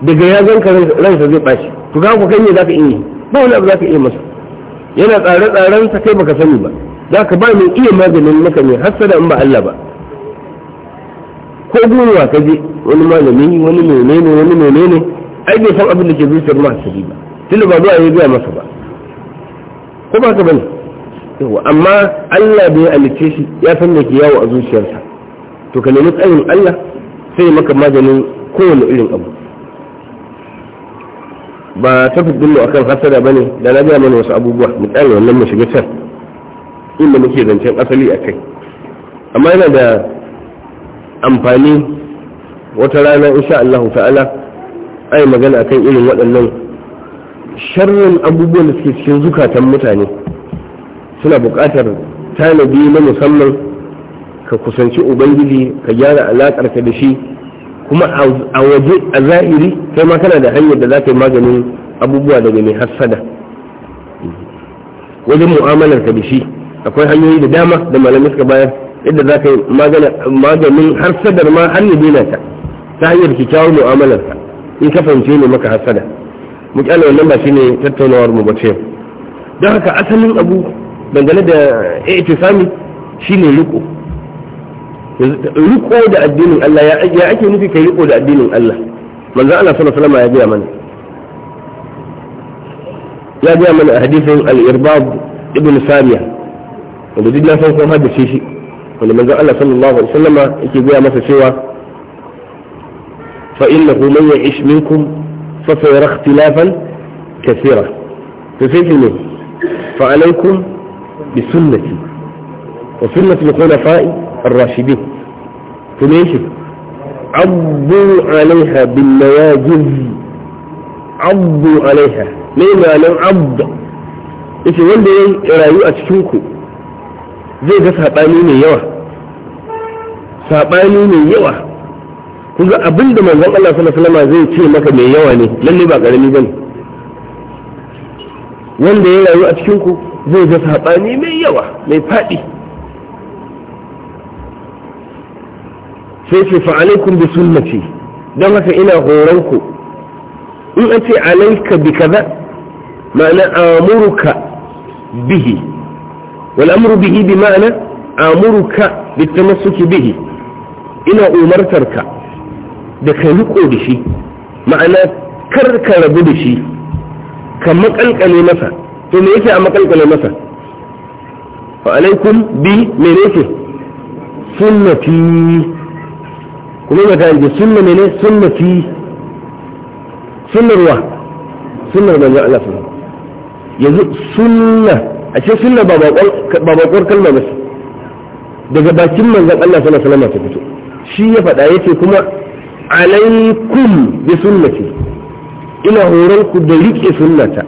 daga ya ka ransa zai bashi to ga ku kan ne zaka iya ba wani abu zaka iya masa yana tsare-tsaren sa kai baka sani ba zaka ba mai iya maganin maka mai hasada in ba Allah ba ko gurwa ka je wani malami wani menene wani menene ai bai san abin da ke zuciyar mahasidi ba tunda ba zuwa ya gaya masa ba ko ba ka bane yawa amma Allah da ya alice shi ya san da ke yawo a zuciyarsa to ka nemi tsayin Allah sai maka maganin kowane irin abu ba ta fi dillo akan hasada bane da na gaya mana wasu abubuwa mu tsaya wannan mu shiga can inda muke zancen asali a kai amma yana da amfani wata rana insha Allah ta'ala ai magana akan irin waɗannan sharrin abubuwan da suke cikin zukatan mutane suna buƙatar tanadi na musamman ka kusanci ubangiji ka gyara alaƙarka da shi kuma a waje a zahiri kai ma kana da hanyar da za ka yi maganin abubuwa daga mai hassada wajen mu'amalar ka da shi akwai hanyoyi da dama da malamai suka bayar yadda za ka yi maganin harsadar ma har ya daina ta ta hanyar kyakkyawar mu'amalar ka in ka fahimce ne maka hasada mu kyale wannan ba shine tattaunawar mu ba ce don haka asalin abu dangane da i'tisami shine riko riko da addinin Allah ya ake nufi kai riko da addinin Allah manzo Allah sallallahu alaihi wasallam ya gaya mana ya gaya mana a hadisin al irbab ibn samiya wanda duk na san ko hadisi shi wanda manzo Allah sallallahu alaihi wasallam yake gaya masa cewa فإنه من يعيش منكم فسيرى اختلافا كثيرا تسجلوا فعليكم بسنتي وسنة الخلفاء الراشدين تميشي عضوا عليها بالنواجذ عضوا عليها ليه معنى عض إيش wanda ya rayu أتشوكو زي ده ga saɓani mai yawa saɓani mai kuga abin da manzon Allah sallallahu alaihi wasallam zai ce maka mai yawa ne lalle ba karami bane wanda ya rayu a cikin ku zai ga sabani mai yawa mai fadi sai ce fa alaikum bi sunnati don haka ina horon ku in an ce alaika bi kaza ma'ana amuruka bihi wal amru bihi bi ma'ana amuruka bi tamassuki bihi ina umartarka da ka riko da shi ma'ana kar ka rabu da shi ka makalkale masa to me yake a makalkale masa fa alaikum bi menene sunnati kuma ga da sunna ne sunnati sunnar wa sunnar manzon Allah sallallahu yanzu sunna a ce sunna ba bakwar kalma ba daga bakin manzon Allah sallallahu alaihi wasallam ta fito shi ya faɗa yace kuma alaikum bi sunnati ina horon ku da rike sunnata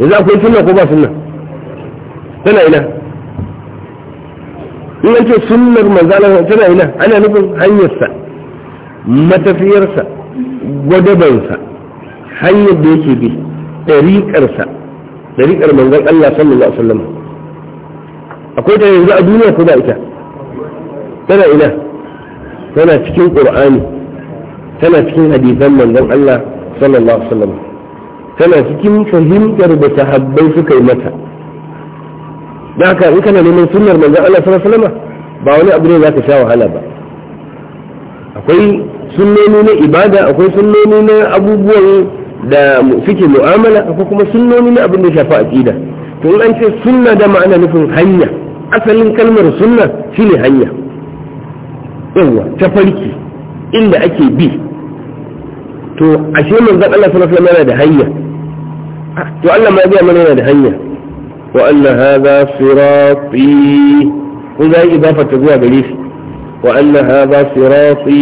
yanzu akwai sunna ko ba sunna tana ina in an ce sunnar manzala tana ina ana nufin hanyarsa matafiyarsa gwadabansa hanyar da yake bi ɗariƙarsa ɗariƙar manzan Allah sallallahu alaihi wasallam akwai ta yanzu a duniya ko ba ita tana ina tana cikin Kur'ani, tana cikin hadisan manzon Allah sallallahu alaihi wasallam tana cikin fahimtar da sahabbai suka yi mata da haka in kana neman sunnar manzon Allah sallallahu alaihi wasallam ba wani abu ne zaka sha wahala ba akwai sunnoni na ibada akwai sunnoni na abubuwan da suke mu'amala akwai kuma sunnoni na abin da shafa aqida to in an ce sunna da ma'ana nufin hanya asalin kalmar sunna shine hanya yawa ta farki inda ake bi to ashe mun manzon Allah sallallahu alaihi wasallam da hanya to Allah ma ya mana da hanya wa anna hadha sirati kun ga idafa ta zuwa gare shi wa anna hadha sirati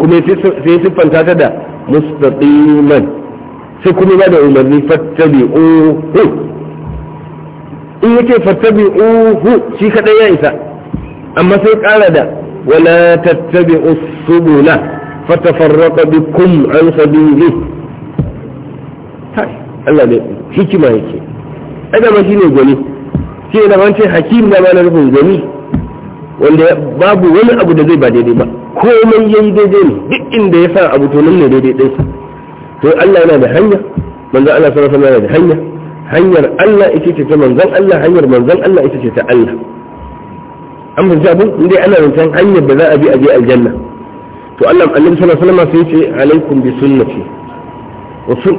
kuma sai sai siffanta ta da mustaqiman sai kuma ba da umarni fattabi'uhu in yake fattabi'uhu shi kadai ya isa amma sai kara da ولا تتبعوا السبل فتفرق بكم عن سبيله Allah ne hikima yake adama shi ne gwani shi ne an ce hakim da ma nufin gwani wanda babu wani abu da zai ba daidai ba komai ya yi daidai ne duk inda ya sa abu to nan ne daidai ɗinsa to Allah yana da hanya manzon Allah sallallahu alaihi wasallam yana da hanya hanyar Allah ita ce ta manzon Allah hanyar manzon Allah ita ce ta Allah an fahimci abin inda ana zancen hanyar da za a bi a je aljanna to Allah annabi sallallahu alaihi wasallam sai ce alaikum bi sunnati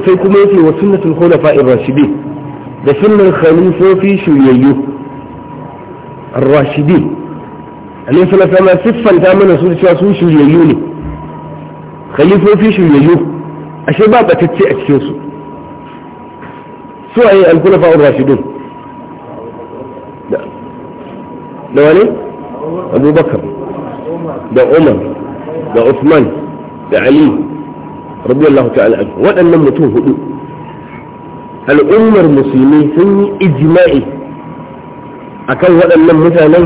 sai kuma yace wa sunnatul khulafa'ir rashidin da sunnar khalifofi shiryayyu ar-rashidin annabi sallallahu alaihi wasallam siffanta mana su cewa su shiryayyu ne khalifofi shiryayyu ashe ba batacce a cikin su su al-khulafa'ur rashidin da wane abubakar da umar da usman da ali radiyallahu ta'ala waɗannan mutum hudu al'ummar musulmi sun yi ijma'i akan waɗannan mutanen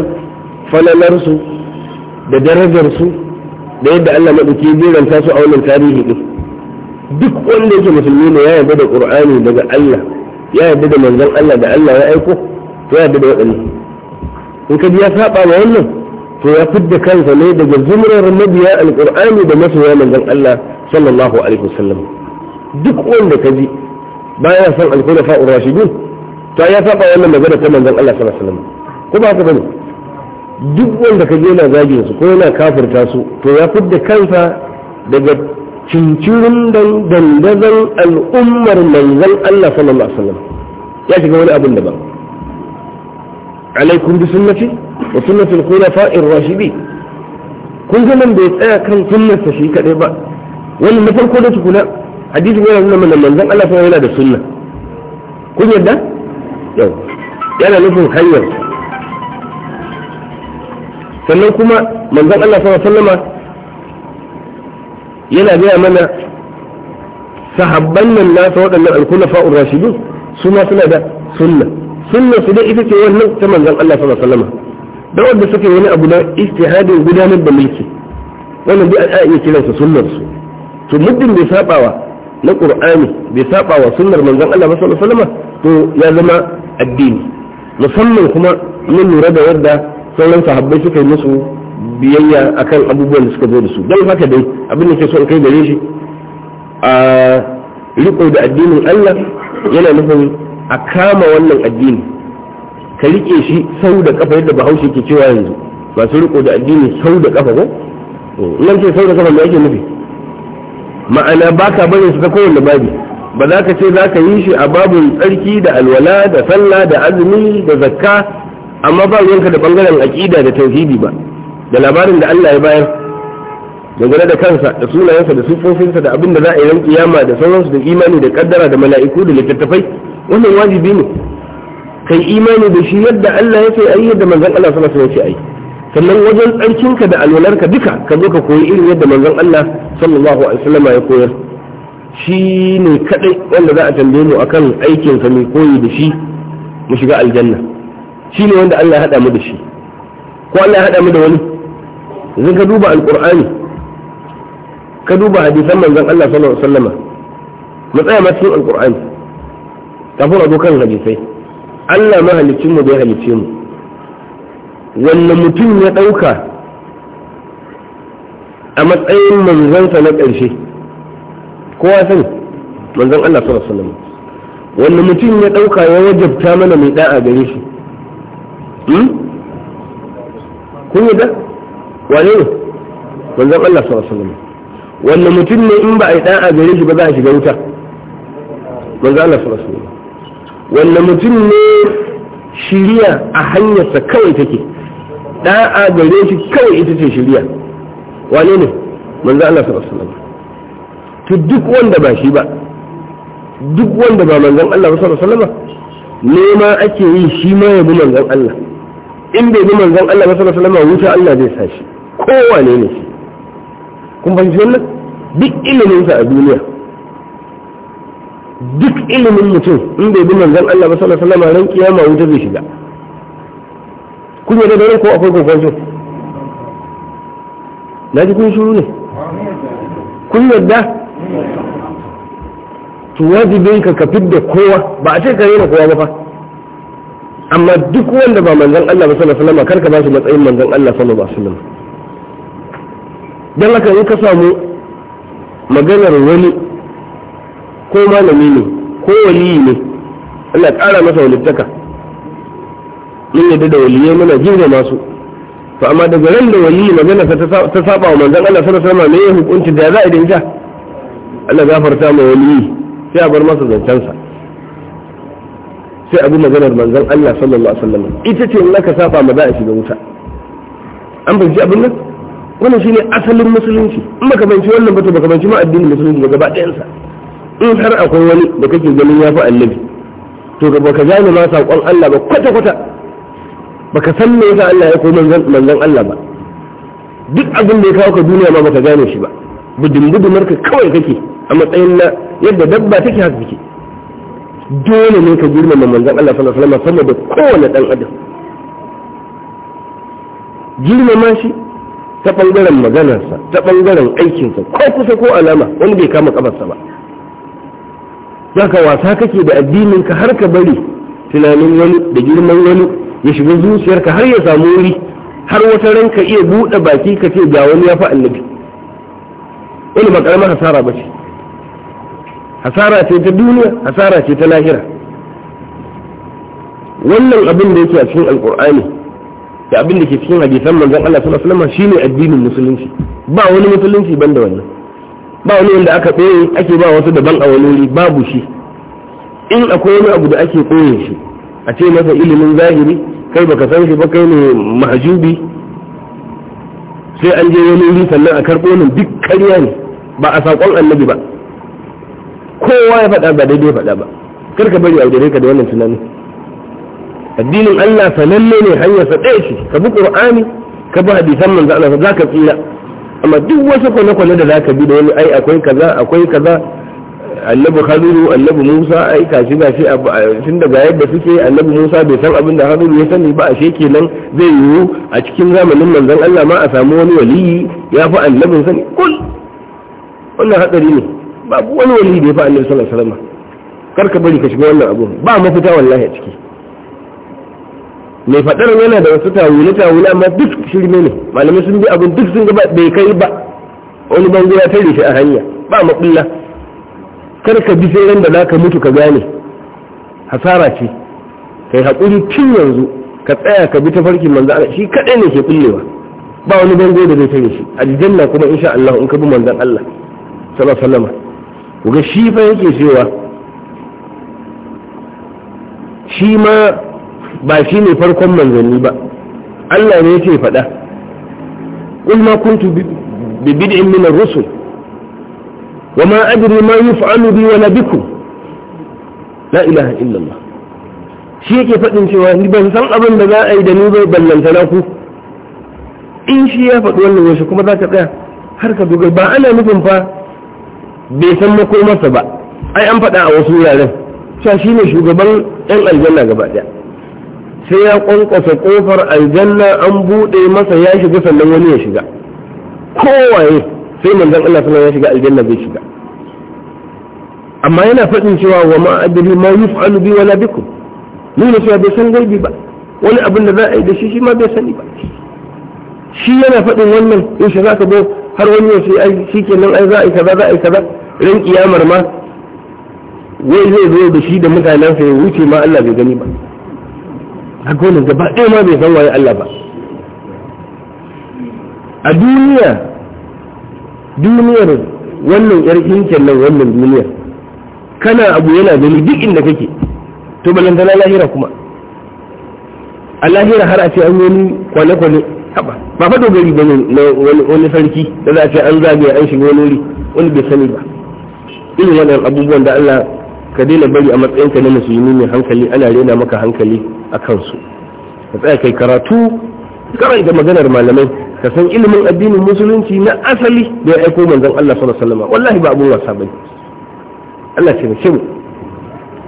falalarsu da darajarsu da yadda Allah maɗauki ta su a wannan tarihi ɗin duk wanda yake musulmi ne ya yarda da ƙur'ani daga Allah ya yarda da manzon Allah da Allah ya aiko ya yarda da waɗannan in ka ya saba ma wannan to ya fidda kansa ne daga zumrar mabiya alqur'ani da masoya manzon Allah sallallahu alaihi wasallam duk wanda ka ji baya son alkhulafa ar-rashidun to ya saba wannan magana ta manzon Allah sallallahu alaihi wasallam ko ba ka bane duk wanda ka ji yana zagin su ko yana kafirta su to ya fidda kansa daga cincirin dandazon al'ummar manzon Allah sallallahu alaihi wasallam ya shiga wani abin daban عليكم بسنتي وسنة الخلفاء الراشدين كل من بيت آه، كان سنة شيكا ربا والمثل كل تقول حديث غير من من من ذن الله فهو هذا سنة كل يدا يو يلا نفهم خير فلنكما من ذن الله صلى الله عليه وسلم يلا بيا منا صحبنا الناس وقال الخلفاء الراشدون سنة سنة ده سنة, سنة. sunna su dai ita ce wannan ta manzan Allah sallallahu alaihi wasallam da wanda suke wani abu na istihadin gudanar da mulki wannan dai a iya kiran su sunnar su to muddin bai sabawa na qur'ani bai sabawa sunnar manzan Allah sallallahu salama to ya zama addini musamman kuma mun lura da yadda sauran sahabbai suka yi musu biyayya akan abubuwan da suka zo da su don haka dai abin da ke son kai gare shi a riko da addinin Allah yana nufin a kama wannan addini ka rike shi sau da kafa yadda bahaushe ke cewa yanzu masu riko da addini sau da kafa ko nan ce sau da kafa me yake nufi ma'ana ba ka bari su ta kowanne babi ba za ka ce za ka yi shi a babu tsarki da alwala da sallah da azumi da zakka amma ba ruwanka da bangaren aƙida da tauhidi ba da labarin da Allah ya bayar dangane da kansa da sunayensa da siffofinsa da abin da za a yi ran kiyama da sauransu da imani da kaddara da mala'iku da littattafai wannan wajibi ne kai imani da shi yadda Allah ya ce ayi yadda manzon Allah sallallahu alaihi wasallam ya ce ayi sannan wajen tsarkinka da alwalarka duka ka zo ka koyi irin yadda manzon Allah sallallahu alaihi wasallam ya koyar shi ne kadai wanda za a tambaye mu akan aikin sa mai koyi da shi mu shiga aljanna shi ne wanda Allah ya hada mu da shi ko Allah ya hada mu da wani zan ka duba alqur'ani ka duba hadisan manzon Allah sallallahu alaihi wasallam Matsaya tsaya ma cikin alqur'ani kafin a kan hadisai Allah mahalicin mu bai halice mu wannan mutum ya ɗauka a matsayin manzansa na ƙarshe kowa san manzan Allah sallallahu alaihi wasallam wannan mutum ya ɗauka ya wajabta mana mai da'a gare shi hmm? kun yi da wane ne manzan Allah sallallahu alaihi wasallam wannan mutum ne in ba a yi da'a gare shi ba za a shiga wuta manzan Allah sallallahu alaihi wasallam wanda mutum ne shiriya a hanyarsa kawai take da'a gare shi kawai ita ce shiriya wane ne manzo Allah sallallahu alaihi wasallam to duk wanda ba shi ba duk wanda ba manzon Allah sallallahu alaihi wasallam nema ake yi shi ma ya bi manzon Allah in bai bi manzon Allah sallallahu alaihi wasallam wuta Allah zai sa shi kowane ne shi kun fahimci wannan duk ilimin sa a duniya duk ilimin mutum in bai bi manzon Allah ba sallallahu alaihi wasallam ran kiyama wuta zai shiga kun yarda da ko akwai kokonto na ji kun shuru ne kun yarda to wajibin ka ka fidda kowa ba a ce ka rena kowa ba fa amma duk wanda ba manzon Allah ba sallallahu alaihi wasallam ka ba shi matsayin manzon Allah sallallahu alaihi wasallam dan haka in ka samu maganar wani ko malami ne ko waliyi ne Allah ƙara masa walittaka mun yadda da waliyai muna jirga masu to amma daga ran da waliyi magana ta saba wa manzon Allah sallallahu alaihi wasallam ne hukunci da za a idan ja Allah gafarta ma waliyi sai a bar masa zancensa sai abu maganar manzon Allah sallallahu alaihi wasallam ita ce in aka saba ma za a shiga wuta an fahimci abin nan wannan shine asalin musulunci in baka banci wannan ba to baka banci ma addinin musulunci ba gaba sa in har akwai wani da kake ganin ya fi annabi to ga baka gane ma saƙon Allah ba kwata-kwata ba san me yasa Allah ya ko manzon Allah ba duk abin da ya kawo ka duniya ma ba gane shi ba budin budumar ka kawai kake a matsayin na yadda dabba take haka kake dole ne ka girmama manzon Allah sallallahu alaihi wasallam sama da kowane dan adam girmama shi ta bangaren maganarsa ta bangaren aikinsa ko kusa ko alama wani bai kama kafarsa ba za ka wasa kake da addininka har ka bari tunanin wani da girman wani ya shiga zuciyarka har ya samu wuri har wata ranka iya buɗe baki ka ce ga wani ya fi annabi wani ba karamar hasara ba ce hasara ce ta duniya hasara ce ta lahira wannan abin da yake a cikin alkur'ani da abin da ke cikin hadisan manzon Allah sallallahu alaihi wasallam shine addinin musulunci ba wani musulunci banda wannan ba wani wanda aka ɓoye ake ba wasu daban a wani wuri babu shi in akwai wani abu da ake ɓoye shi a ce masa ilimin zahiri kai baka san shi ba kai ne mahajubi sai an je wani wuri sannan a karɓo nan duk ƙarya ne ba a saƙon annabi ba kowa ya faɗa ba daidai faɗa ba kar ka bari aure ka da wannan tunanin addinin Allah sananne ne hanyar sa ɗaya ce ka bi Qur'ani ka bi hadisan manzo Allah za ka tsira amma duk wasu kwane-kwane da zaka bi da wani ai akwai kaza akwai kaza annabi haruru annabi musa ai kashi gashi tun daga yadda suke annabi musa bai san abin da haruru ya sani ba ashe kenan zai yiwu a cikin zamanin manzon Allah ma a samu wani waliyi ya fi annabin sani kul wannan hatsari ne babu wani waliyi da ya fi annabi sallallahu alaihi wasallam kar ka bari ka shiga wannan abu ba mafita wallahi a ciki mai faɗar yana da wasu tawule tawule amma duk shirme ne malamai sun bi abin duk sun gaba bai kai ba wani bango ya tare a hanya ba maɓulla kar ka bi sai da za ka mutu ka gane hasara ce kai haƙuri tun yanzu ka tsaya ka bi ta farkin manzo Allah shi kaɗai ne ke kullewa ba wani bango da zai tare shi aljanna kuma insha Allah in ka bi manzan Allah sallallahu alaihi wasallam ga shi fa yake cewa shi ma ba shi ne farkon manzanni ba Allah ne yake faɗa qul ma bi bid'in min ar-rusul wa ma adri ma yuf'alu bi wa bikum la ilaha illa Allah shi yake faɗin cewa ni ban san abin da za a yi da ni bai ballanta na in shi ya faɗi wannan wasu kuma za ka tsaya har ka dogara ba ana nufin fa bai san masa ba ai an faɗa a wasu wuraren shi ne shugaban 'yan aljanna gaba ɗaya sai ya kwankwasa kofar aljanna an buɗe masa ya shiga sannan wani ya shiga kowaye sai manzon Allah sallallahu ya shiga aljanna zai shiga amma yana faɗin cewa wa ma adri ma yuf'alu bi wala bikum nuna cewa bai san gaibi ba wani abin da za a yi da shi shi ma bai sani ba shi yana faɗin wannan yaushe za ka zo har wani yaushe ai shi kenan ai za a yi kaza za a yi kaza ran kiyamar ma wai zai zo da shi da mutanen mutanensa ya wuce ma Allah bai gani ba a gonin gaba ɗaya ma bai san waye Allah ba a duniya duniyar wannan yar inken nan wannan duniyar kana abu yana gani duk inda kake to balantana lahira kuma a lahira har a ce an wani kwane-kwane haba ba fa dogari ba na wani sarki da za a ce an zagaye an shiga wani wuri wani bai sani ba irin wannan abubuwan da Allah ka daina bari a matsayinka na musulmi mai hankali ana rena maka hankali a kansu ka tsaya kai karatu karanta maganar malamai ka san ilimin addinin musulunci na asali da ya aiko manzon Allah sallallahu alaihi wasallam wallahi ba abun wasa bane Allah ce mu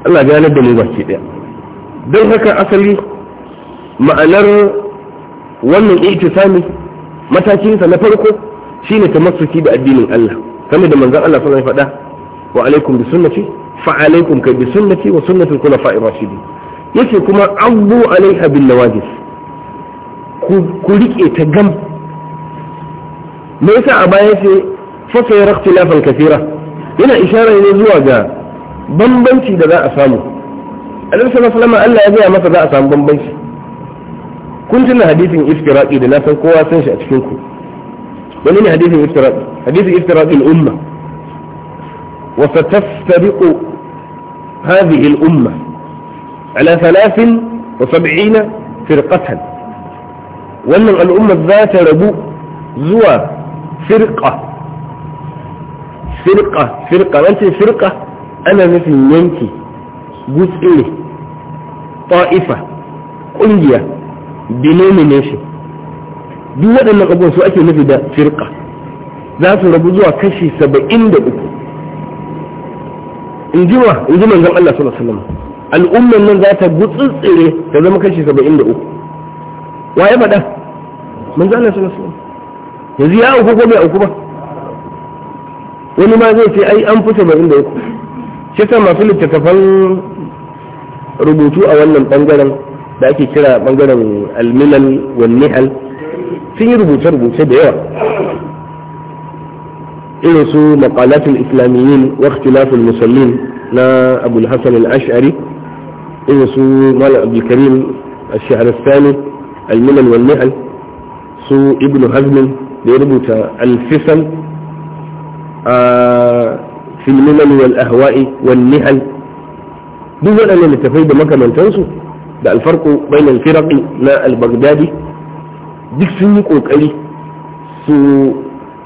Allah gane da mu ba ke daya don haka asali ma'anar wannan ihtisami matakin sa na farko shine tamassuki da addinin Allah kamar da manzon Allah sallallahu alaihi wasallam ya faɗa wa alaikum bi fa alaikum ka bi sunnati wa sunnatul khulafa'i rashidin yace kuma abu alaiha bin nawajis ku rike ta gam me yasa a baya ce fa sayara ikhtilafan kathira yana ishara ne zuwa ga bambanci da za a samu annabi sallallahu Allah ya gaya masa za a samu kun da na san kowa a cikin wani ne umma هذه الأمة على ثلاث وسبعين فرقة وأن الأمة ذات ربو ذو فرقة فرقة فرقة وأنت فرقة أنا مثل ينتي جزء إلي طائفة قنجة بنومينيشن دي وقت أن قبل سؤالك مثل ده فرقة ذات ربو ذو كشي سبعين دقوق in ji ma in ji manzon Allah sallallahu alaihi wasallam al'umman nan za ta gutsutsire ta zama kashi 73 wa ya faɗa manzon Allah sallallahu alaihi wasallam yanzu ya auku ko bai auku ba wani ma zai ce ai an fi 73 shi ta masu littattafan rubutu a wannan bangaren da ake kira bangaren almilal wal nihal sun yi rubuce-rubuce da yawa إنسوا مقالات الإسلاميين واختلاف المسلمين لا أبو الحسن الأشعري إنسوا مال عبد الكريم الشعر الثاني الملل والمهل سو ابن هزم ليربط الفصل آه، في الملل والأهواء والنهل بذل أن نتفيد مكة من تنسو ده الفرق بين الفرق لا البغدادي ديك سنوك وكالي سو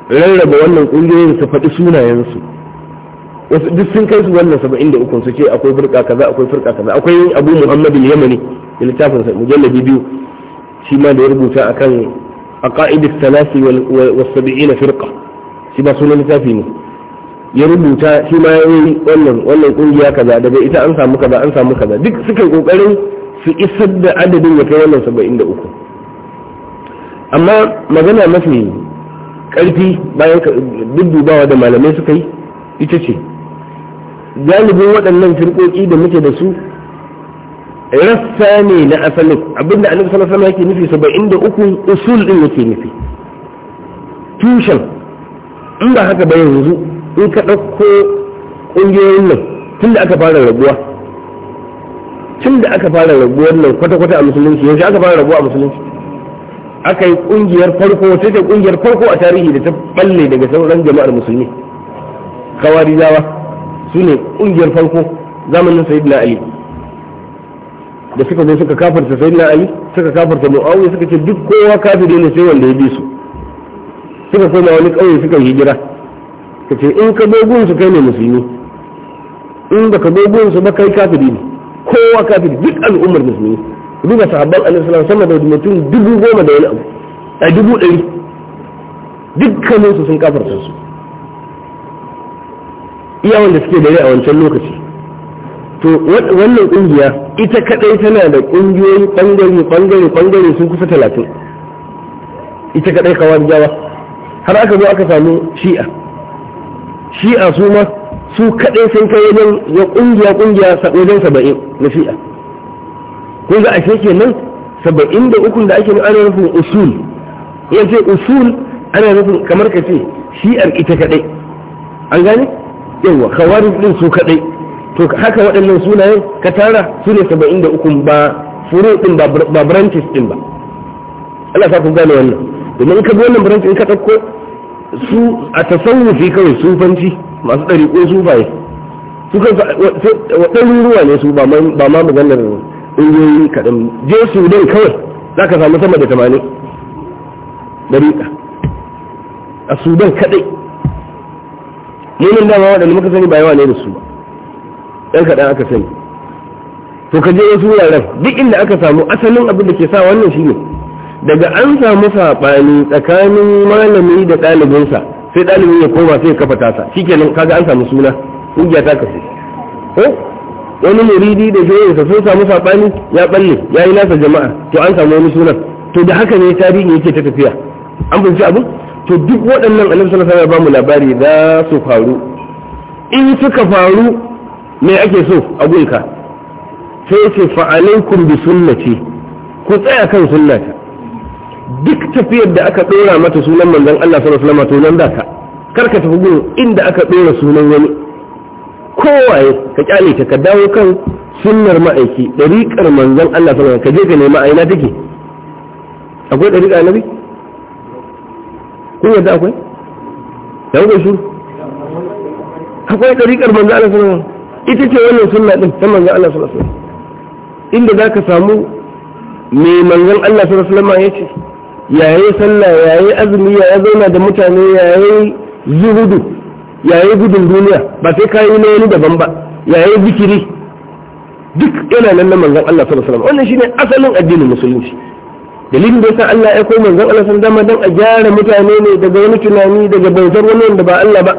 rarraba wannan kungiyoyin su faɗi sunayensu wasu duk sun kai su wannan saba'in da ukun su ce akwai furka kaza akwai furka kaza akwai abu muhammadin yamani da littafin sa mujallabi biyu shi ma da ya rubuta akan aqaidis salasi wal sab'ina firqa shi ba sunan littafi ne ya rubuta shi ma yayi wannan wannan kungiya kaza daga ita an samu kaza an samu kaza duk suka kokarin su isar da adadin ya kai wannan saba'in da ukun. amma magana mafi karfi bayan duddubawa da malamai suka yi ita ce galibin waɗannan firƙoƙi da muke da su rassa ne na asalin abinda annabi sallallahu alaihi yake nufi saba'in da uku usul din yake nufi tushen in ba haka ba yanzu in ka ɗauko ƙungiyoyin nan tun da aka fara raguwa tun da aka fara raguwar nan kwata-kwata a musulunci yanzu aka fara raguwa a musulunci aka yi kungiyar farko wata ce kungiyar farko a tarihi da ta balle daga sauran jama'ar musulmi Kawari Zawa su ne kungiyar farko zamanin sayyidina ali da suka zo suka kafarta sayyidina ali suka kafarta muawiya suka ce duk kowa kafiri ne sai wanda ya bi su suka koma wani kauye suka hijira ka ce in ka dogon su kai ne musulmi in ba ka dogon su ba kai kafiri ne kowa kafiri duk al'ummar musulmi duba sahabban annabi sallallahu alaihi wasallam da mutum dubu goma da wani abu a dubu ɗari dukkanin su sun kafarta su iya wanda suke dare a wancan lokaci to wannan kungiya ita kadai tana da kungiyoyi bangare bangare bangare sun kusa talatin ita kadai kawar jawa har aka zo aka samu shi'a shi'a su ma su kadai sun kai wajen ya kungiya kungiya wajen saba'in na shi'a kun ga ashe kenan saba'in da ukun da ake ana nufin usul ya ce usul ana nufin kamar ka ce shi'ar ita kaɗai an gane yawa kawarin ɗin su kaɗai to haka waɗannan sunayen ka tara su ne saba'in da ukun ba furo ɗin ba branches ɗin ba Allah sa ku gane wannan domin in ka bi wannan branches in ka ɗauko su a tasawufi kawai sufanci masu ɗariƙo sufaye su kansu waɗannan ruwa ne su ba ma maganar ƙungiyoyi kaɗan je sudan kawai za ka samu sama da tamanin dariƙa a sudan kaɗai munin dama waɗanda muka sani ba yawa ne da su ba ɗan kaɗan aka sani to ka je wasu wuraren duk inda aka samu asalin abin da ke sa wannan shine daga an samu saɓani tsakanin malami da ɗalibinsa sai ɗalibin ya koma sai ya kafa tasa shikenan kaga an samu suna ƙungiya ta kasu wani muridi da yin sun samu saɓani ya ɓalle, ya yi nasa jama'a to an samu wani sunan to da haka ne tarihi yake ta tafiya an fahimci abin? to duk waɗannan alif sallallahu alaihi ba mu labari za su faru in suka faru me ake so a gunka sai ce fa alaikum bi sunnati ku tsaya kan sunnata duk tafiyar da aka ɗora mata sunan manzon Allah sallallahu alaihi wasallam to da ka karka tafi gun inda aka ɗora sunan wani kowaye ka kyale ta ka dawo kan sunnar ma'aiki ɗariƙar manzon Allah sallallahu ka je ka nema aina take akwai ɗariƙa nabi kun yadda akwai da kuka shi akwai ɗariƙar manzon Allah sallallahu ita ce wannan sunna din ta manzon Allah sallallahu inda za ka samu mai manzon Allah sallallahu alaihi ya ce yayi sallah yayi azumi ya zauna da mutane yayi zuhudu yayi gudun duniya ba sai kayi na wani daban ba yayi zikiri duk yana nan na manzon Allah sallallahu alaihi wasallam wannan shine asalin addinin musulunci dalilin da yasa Allah ya koyi manzon Allah sallallahu alaihi wasallam dan a gyara mutane ne daga wani tunani daga bautar wani wanda ba Allah ba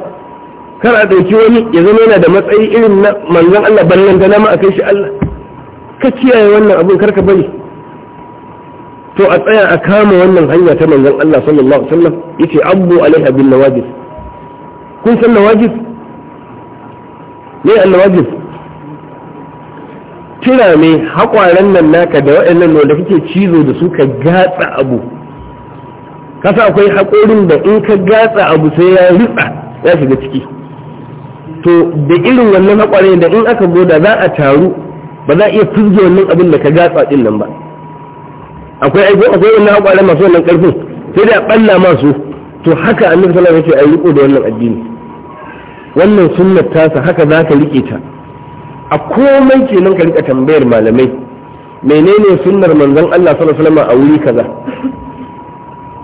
kar a dauki wani ya zama yana da matsayi irin na manzon Allah ballan da nama a kai shi Allah ka kiyaye wannan abun kar ka bari to a tsaya a kama wannan hanya ta manzon Allah sallallahu alaihi wasallam yace abu alaiha bin nawajis kun san lawajib me al-lawajib tira ne hakwaren nan naka da waɗannan wanda kake cizo da su ka gatsa abu kasa akwai haƙorin da in ka gatsa abu sai ya ritsa ya shiga ciki to da irin wannan haƙware da in aka goda za a taru ba za a iya fizge wannan abin da ka gatsa din nan ba akwai aiko akwai wannan haƙware masu wannan ƙarfin sai da ɓalla masu to haka annabi sallallahu alaihi wasallam yake ayi da wannan addini wannan sunnar tasa haka za ka rike ta a komai kenan ka rika tambayar malamai menene sunnar manzon Allah sallallahu alaihi wasallam a wuri kaza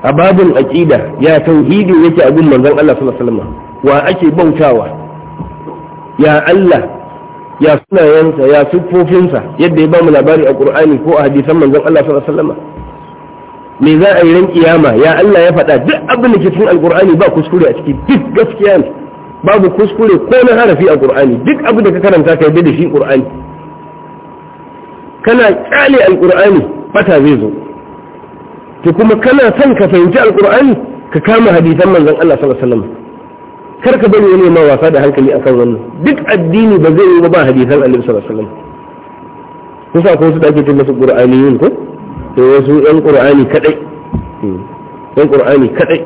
a babin aqida ya tauhidi yake a gun manzon Allah sallallahu alaihi wasallam wa ake bautawa ya Allah ya sunayensa ya siffofinsa yadda ya ba mu labari a Qur'ani ko a hadisan manzon Allah sallallahu alaihi wasallam me za a yi ran kiyama ya Allah ya faɗa duk abin da ke cikin alkur'ani ba kuskure a ciki duk gaskiya ne babu kuskure ko na harafi a qur'ani duk abin da ka karanta ka yadda da shi qur'ani kana kyale alkur'ani bata zai zo to kuma kana son ka fahimci alkur'ani ka kama hadisan manzon Allah sallallahu alaihi wasallam kar ka bari wani ma wasa da hankali akan wannan duk addini ba zai yi ba hadisan annabi sallallahu alaihi wasallam kusa ko su dake ce masu ko sai wasu yan qur'ani kadai yan qur'ani kadai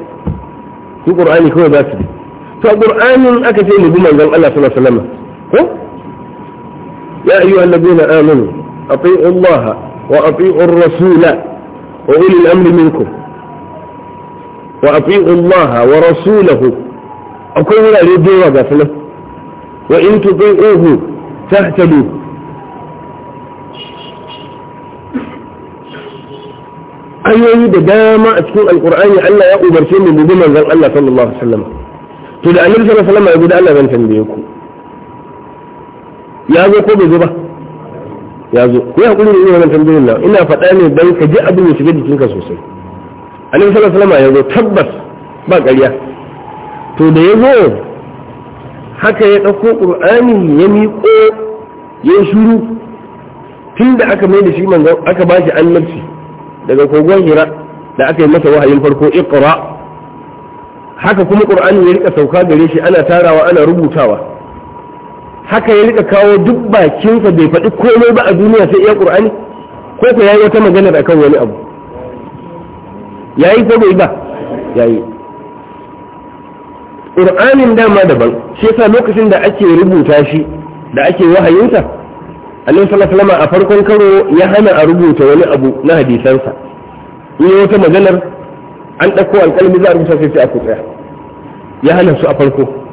su qur'ani kawai ba su bi to qur'anin aka ce ne bi manzon Allah sallallahu alaihi wasallam ko ya ayyuha alladhina amanu ati'u Allah wa ati'u ar-rasul wa ulil amri minkum wa ati'u Allah wa rasulahu akwai wurare da yawa ga sunan wa in tuti'uhu tahtadu ayoyi da dama a cikin alkur'ani Allah ya umarce mu bi manzon Allah sallallahu alaihi wasallam to da annabi sallallahu alaihi wasallam ya gudu Allah zan tambaye ku ya zo ko bai zo ba ya zo ku ya kuri ne zan tambayoyin nan ina faɗa ne dan ka ji abin da shiga jikinka sosai annabi sallallahu alaihi wasallam ya zo tabbas ba ƙarya to da ya zo haka ya ɗauko ƙur'ani ya miƙo ya shuru tun da aka mai da shi manzon aka ba shi annabci daga kogon hira da aka yi masa wahayin farko iqra haka kuma qur'ani ya rika sauka gare shi ana tarawa ana rubutawa haka ya rika kawo duk bakinsa bai faɗi komai ba a duniya sai iya qur'ani ko ko yayi wata magana akan wani abu yayi ko bai ba yayi qur'anin dama daban shi yasa lokacin da ake rubuta shi da ake wahayinsa annabi sallallahu alaihi a farkon karo ya hana a rubuta wani abu na hadisansa in wata maganar an ɗauko alƙalmi za a rubuta sai a ku ya hana su a farko